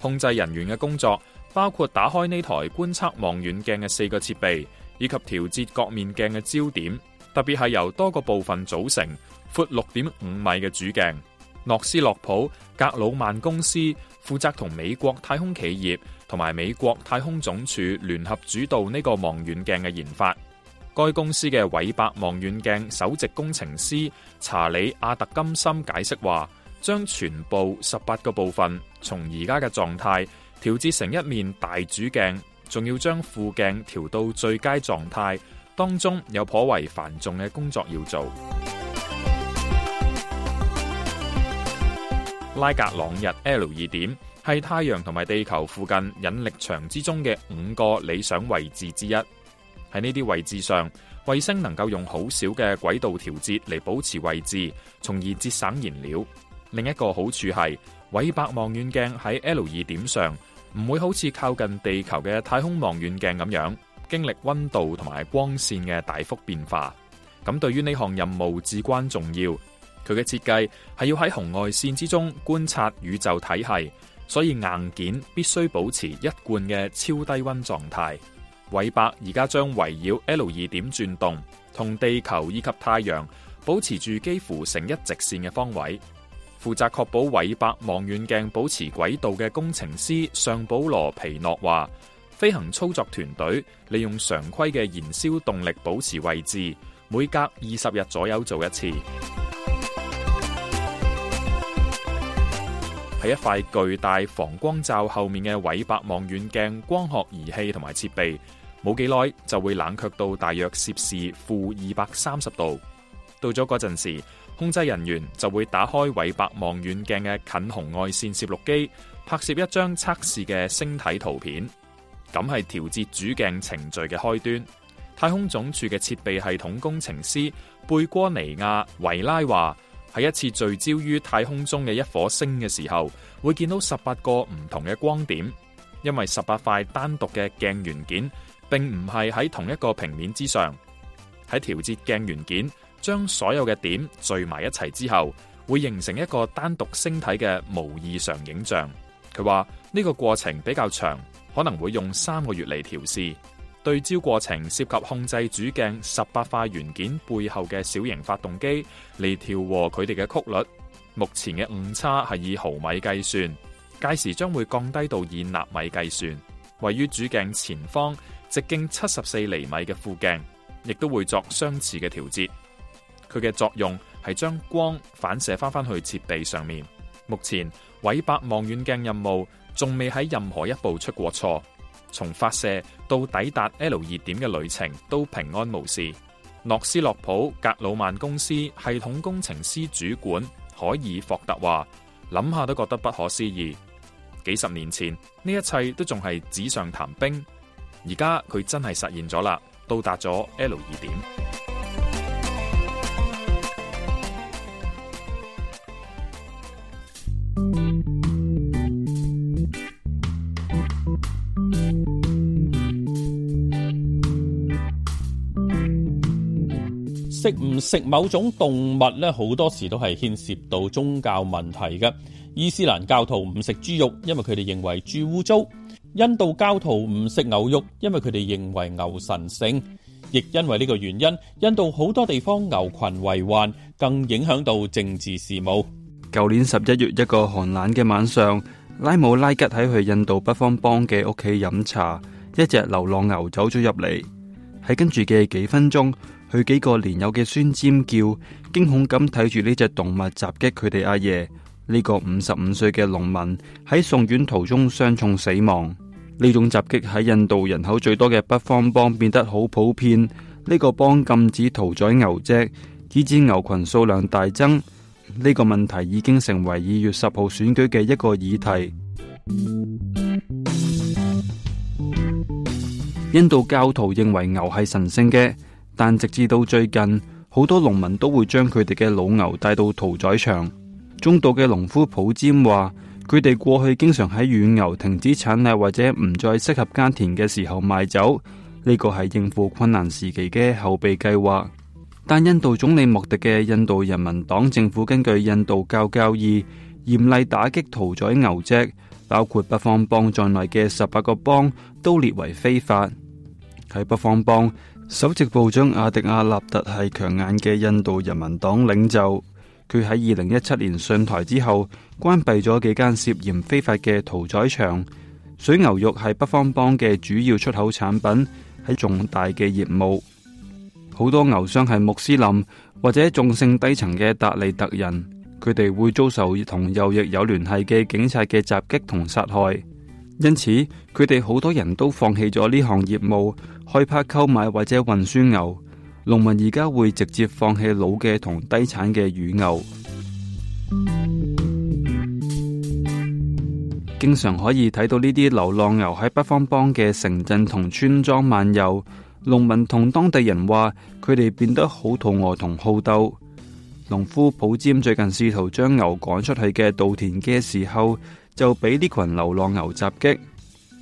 控制人員嘅工作包括打開呢台觀測望遠鏡嘅四個設備，以及調節各面鏡嘅焦點，特別係由多個部分組成，闊六點五米嘅主鏡。諾斯洛普格魯曼公司負責同美國太空企業同埋美國太空總署聯合主導呢個望遠鏡嘅研發。該公司嘅韋伯望遠鏡首席工程師查理阿特金森解釋話，將全部十八個部分從而家嘅狀態調節成一面大主鏡，仲要將副鏡調到最佳狀態，當中有頗為繁重嘅工作要做。拉格朗日 L 二點係太陽同埋地球附近引力場之中嘅五個理想位置之一。喺呢啲位置上，衛星能夠用好少嘅軌道調節嚟保持位置，從而節省燃料。另一個好處係韋伯望遠鏡喺 L 二點上，唔會好似靠近地球嘅太空望遠鏡咁樣經歷溫度同埋光線嘅大幅變化。咁對於呢項任務至關重要。佢嘅設計係要喺紅外線之中觀察宇宙體系，所以硬件必須保持一貫嘅超低溫狀態。韋伯而家將圍繞 L 二點轉動，同地球以及太陽保持住幾乎成一直線嘅方位。負責確保韋伯望遠鏡保持軌道嘅工程師尚保羅皮諾話：飛行操作團隊利用常規嘅燃燒動力保持位置，每隔二十日左右做一次。喺 一塊巨大防光罩後面嘅韋伯望遠鏡光學儀器同埋設備。冇幾耐就會冷卻到大約攝氏負二百三十度。到咗嗰陣時，控制人員就會打開韋伯望遠鏡嘅近紅外線攝錄機，拍攝一張測試嘅星體圖片。咁係調節主鏡程序嘅開端。太空總署嘅設備系統工程師貝哥尼亞維拉話：喺一次聚焦於太空中嘅一顆星嘅時候，會見到十八個唔同嘅光點，因為十八塊單獨嘅鏡元件，並唔係喺同一個平面之上。喺調節鏡元件，將所有嘅點聚埋一齊之後，會形成一個單獨星體嘅無異常影像。佢話呢個過程比較長，可能會用三個月嚟調試。對焦過程涉及控制主鏡十八塊元件背後嘅小型發動機嚟調和佢哋嘅曲率。目前嘅誤差係以毫米計算，屆時將會降低到以納米計算。位於主鏡前方，直徑七十四厘米嘅副鏡，亦都會作相似嘅調節。佢嘅作用係將光反射翻返去設備上面。目前韋伯望遠鏡任務仲未喺任何一步出過錯，從發射到抵達 L 二點嘅旅程都平安無事。諾斯洛普格魯曼公司系統工程師主管海爾霍特話，諗下都覺得不可思議。幾十年前呢一切都仲係紙上談兵。而家佢真係實現咗啦，到達咗 L 二點。食唔食某種動物呢？好多時都係牽涉到宗教問題嘅。伊斯蘭教徒唔食豬肉，因為佢哋認為豬污糟。印度教徒唔食牛肉，因為佢哋認為牛神聖。亦因為呢個原因，印度好多地方牛群為患，更影響到政治事務。舊年十一月一個寒冷嘅晚上，拉姆拉吉喺去印度北方邦嘅屋企飲茶，一隻流浪牛走咗入嚟，喺跟住嘅幾分鐘，佢幾個年幼嘅孫尖叫，驚恐咁睇住呢隻動物襲擊佢哋阿爺。呢個五十五歲嘅農民喺送院途中傷重死亡。呢種襲擊喺印度人口最多嘅北方邦變得好普遍。呢個邦禁止屠宰牛隻，以致牛群數量大增。呢個問題已經成為二月十號選舉嘅一個議題。 印度教徒認為牛係神聖嘅，但直至到最近，好多農民都會將佢哋嘅老牛帶到屠宰場。中道嘅農夫普詹話：佢哋過去經常喺乳牛停止產奶或者唔再適合耕田嘅時候賣走，呢個係應付困難時期嘅後備計劃。但印度總理莫迪嘅印度人民黨政府根據印度教教義嚴厲打擊屠宰牛隻，包括北方邦在內嘅十八個邦都列為非法。喺北方邦，首席部長阿迪亞納特係強硬嘅印度人民黨領袖。佢喺二零一七年上台之後，關閉咗幾間涉嫌非法嘅屠宰場。水牛肉係北方邦嘅主要出口產品，係重大嘅業務。好多牛商係穆斯林或者種姓低層嘅達利特人，佢哋會遭受同右翼有聯繫嘅警察嘅襲擊同殺害。因此，佢哋好多人都放棄咗呢項業務，害怕購買或者運輸牛。農民而家會直接放棄老嘅同低產嘅乳牛，經常可以睇到呢啲流浪牛喺北方邦嘅城鎮同村莊漫遊。農民同當地人話，佢哋變得好肚餓同好鬥。農夫普詹最近試圖將牛趕出去嘅稻田嘅時候，就俾呢群流浪牛襲擊。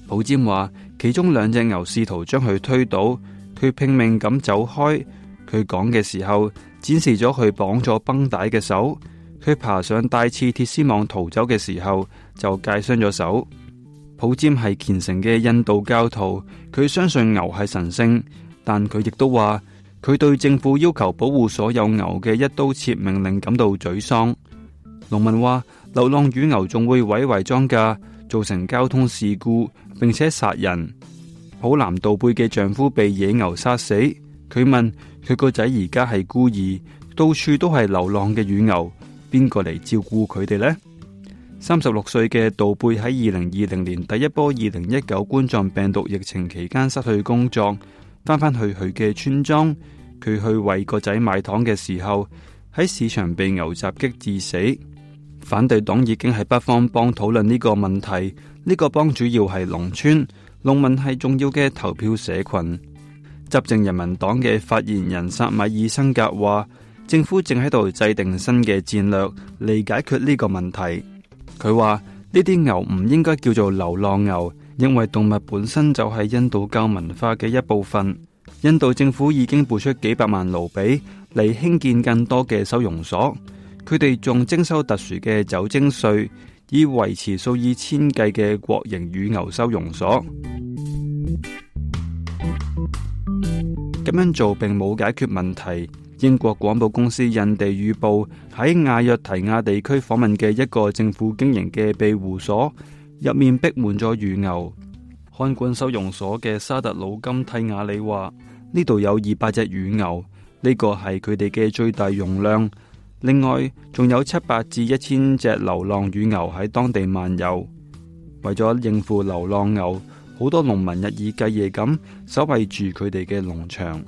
普詹話，其中兩隻牛試圖將佢推倒。佢拼命咁走開，佢講嘅時候展示咗佢綁咗繃帶嘅手，佢爬上帶刺鐵絲網逃走嘅時候就鎅傷咗手。普尖係虔誠嘅印度教徒，佢相信牛係神聖，但佢亦都話佢對政府要求保護所有牛嘅一刀切命令感到沮喪。農民話流浪乳牛仲會毀壞莊稼，造成交通事故，並且殺人。普南道貝嘅丈夫被野牛殺死，佢問佢個仔而家係孤兒，到處都係流浪嘅乳牛，邊個嚟照顧佢哋咧？三十六歲嘅道貝喺二零二零年第一波二零一九冠狀病毒疫情期間失去工作翻返去佢嘅村莊，佢去為個仔買糖嘅時候喺市場被牛襲擊致死。反對黨已經喺北方邦討論呢個問題，呢、這個邦主要係農村。農民係重要嘅投票社群。執政人民黨嘅發言人薩米爾辛格話：政府正喺度制定新嘅戰略嚟解決呢個問題。佢話：呢啲牛唔應該叫做流浪牛，因為動物本身就係印度教文化嘅一部分。印度政府已經撥出幾百萬盧比嚟興建更多嘅收容所，佢哋仲徵收特殊嘅酒精稅。以維持數以千計嘅國營乳牛收容所，咁樣做並冇解決問題。英國廣播公司印地語報喺亞約提亞地區訪問嘅一個政府經營嘅庇護所，入面逼滿咗乳牛。看管收容所嘅沙特老金替亞里話：呢度有二百隻乳牛，呢個係佢哋嘅最大容量。另外，仲有七百至一千隻流浪乳牛喺當地漫遊。為咗應付流浪牛，好多農民日以繼夜咁守衛住佢哋嘅農場。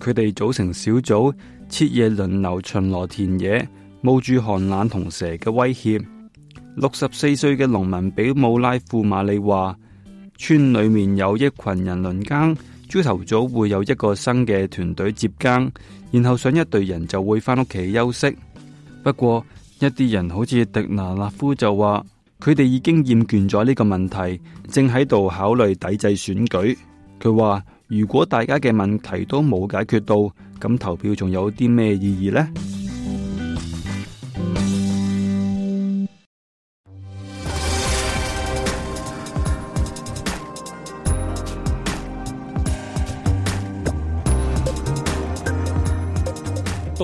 佢哋組成小組，徹夜輪流巡邏田野，冒住寒冷同蛇嘅威脅。六十四歲嘅農民比姆拉庫馬里話：村裏面有一群人輪更，朝頭早會有一個新嘅團隊接更。然後上一隊人就會翻屋企休息。不過，一啲人好似迪納納夫就話，佢哋已經厭倦咗呢個問題，正喺度考慮抵制選舉。佢話如果大家嘅問題都冇解決到，咁投票仲有啲咩意義呢？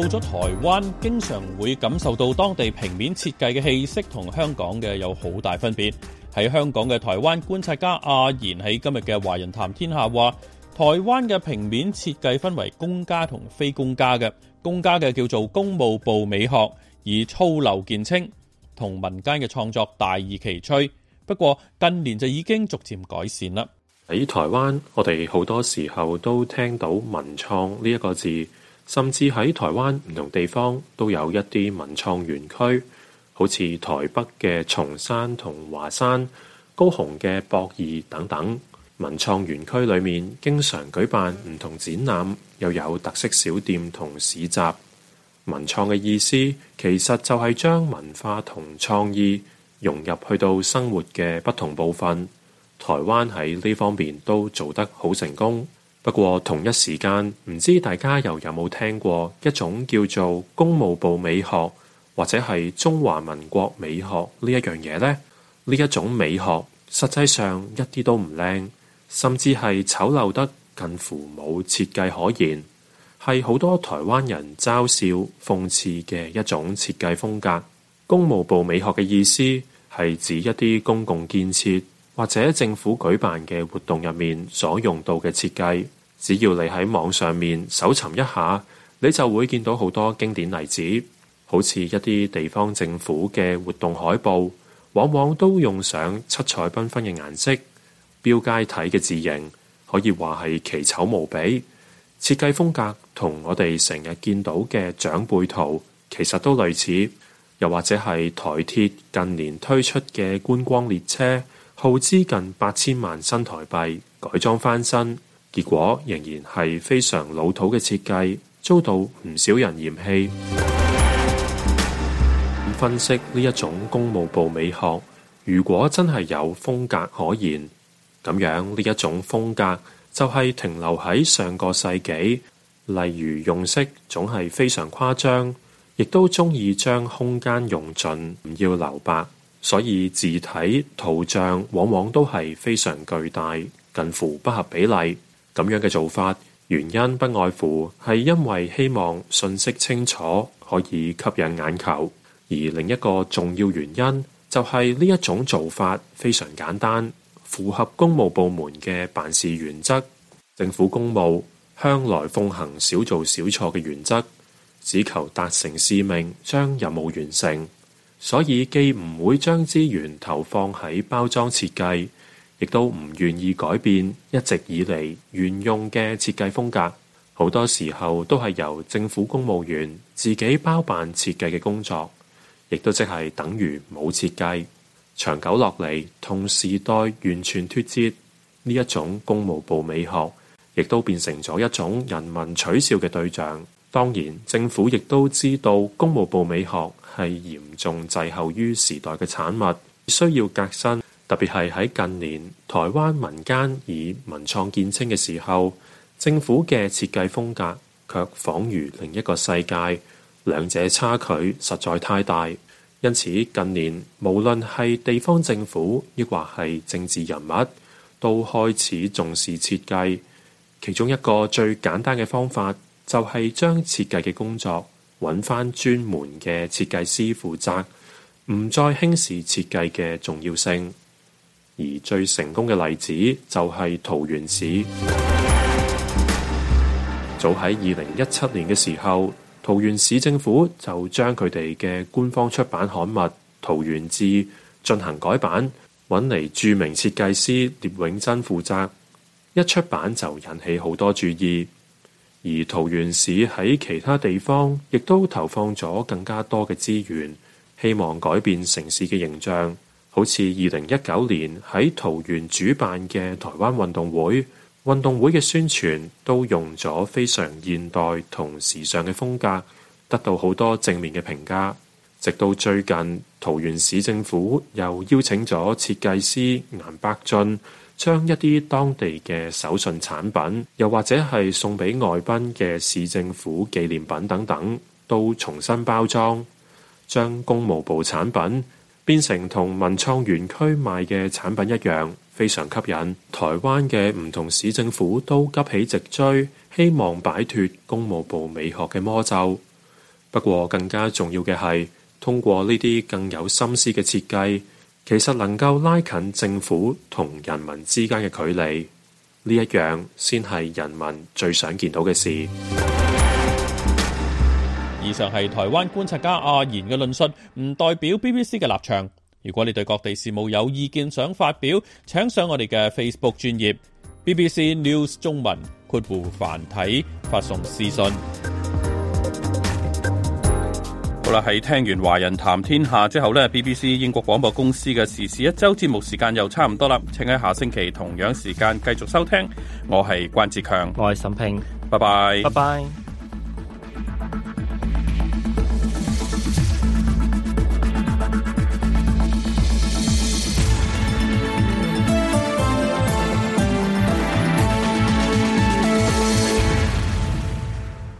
到咗台灣，經常會感受到當地平面設計嘅氣息同香港嘅有好大分別。喺香港嘅台灣觀察家阿賢喺今日嘅《華人談天下》話台灣嘅平面設計分為公家同非公家嘅，公家嘅叫做公務部美學，以粗陋見稱，同民間嘅創作大異其趣。不過近年就已經逐漸改善啦。喺台灣，我哋好多時候都聽到文創呢一個字。甚至喺台灣唔同地方都有一啲文創園區，好似台北嘅松山同華山、高雄嘅駁二等等。文創園區裏面，經常舉辦唔同展覽，又有特色小店同市集。文創嘅意思其實就係將文化同創意融入去到生活嘅不同部分。台灣喺呢方面都做得好成功。不過同一時間，唔知大家又有冇聽過一種叫做《公務部美學》或者係《中華民國美學》呢一樣嘢呢？呢一種美學實際上一啲都唔靚，甚至係醜陋得近乎冇設計可言，係好多台灣人嘲笑諷刺嘅一種設計風格。公務部美學嘅意思係指一啲公共建設或者政府舉辦嘅活動入面所用到嘅設計。只要你喺網上面搜尋一下，你就會見到好多經典例子，好似一啲地方政府嘅活動海報，往往都用上七彩繽紛嘅顏色，標楷體嘅字形，可以話係奇醜無比。設計風格同我哋成日見到嘅長輩圖其實都類似，又或者係台鐵近年推出嘅觀光列車，耗資近八千萬新台幣改裝翻新。結果仍然係非常老土嘅設計，遭到唔少人嫌棄。 分析呢一種公務部美學，如果真係有風格可言，咁樣呢一種風格就係停留喺上個世紀。例如用色總係非常誇張，亦都中意將空間用盡，唔要留白。所以字體、圖像往往都係非常巨大，近乎不合比例。咁樣嘅做法，原因不外乎係因為希望信息清楚，可以吸引眼球；而另一個重要原因就係呢一種做法非常簡單，符合公務部門嘅辦事原則。政府公務向來奉行少做少錯嘅原則，只求達成使命，將任務完成。所以既唔會將資源投放喺包裝設計。亦都唔願意改變一直以嚟沿用嘅設計風格，好多時候都係由政府公務員自己包辦設計嘅工作，亦都即係等於冇設計。長久落嚟，同時代完全脫節，呢一種公務部美學，亦都變成咗一種人民取笑嘅對象。當然，政府亦都知道公務部美學係嚴重滯後於時代嘅產物，需要革新。特別係喺近年，台灣民間以文創見稱嘅時候，政府嘅設計風格卻仿如另一個世界，兩者差距實在太大。因此近年，無論係地方政府，亦或係政治人物，都開始重視設計。其中一個最簡單嘅方法就係將設計嘅工作揾返專門嘅設計師負責，唔再輕視設計嘅重要性。而最成功嘅例子就係桃園市，早喺二零一七年嘅時候，桃園市政府就將佢哋嘅官方出版刊物《桃園誌》進行改版，揾嚟著名設計師聶永真負責，一出版就引起好多注意。而桃園市喺其他地方亦都投放咗更加多嘅資源，希望改變城市嘅形象。好似二零一九年喺桃園主辦嘅台灣運動會，運動會嘅宣傳都用咗非常現代同時尚嘅風格，得到好多正面嘅評價。直到最近，桃園市政府又邀請咗設計師顏伯俊，將一啲當地嘅手信產品，又或者係送俾外賓嘅市政府紀念品等等，都重新包裝，將公務部產品。變成同文創園區賣嘅產品一樣，非常吸引。台灣嘅唔同市政府都急起直追，希望擺脫公務部美學嘅魔咒。不過更加重要嘅係，通過呢啲更有心思嘅設計，其實能夠拉近政府同人民之間嘅距離。呢一樣先係人民最想見到嘅事。以上係台灣觀察家阿賢嘅論述，唔代表 BBC 嘅立場。如果你對各地事務有意見想發表，請上我哋嘅 Facebook 專頁 BBC News 中文（括弧繁體）發送私信。好啦，喺聽完華人談天下之後呢，BBC 英國廣播公司嘅時事一周節目時間又差唔多啦。請喺下星期同樣時間繼續收聽。我係關志強，我係沈平，拜拜，拜拜。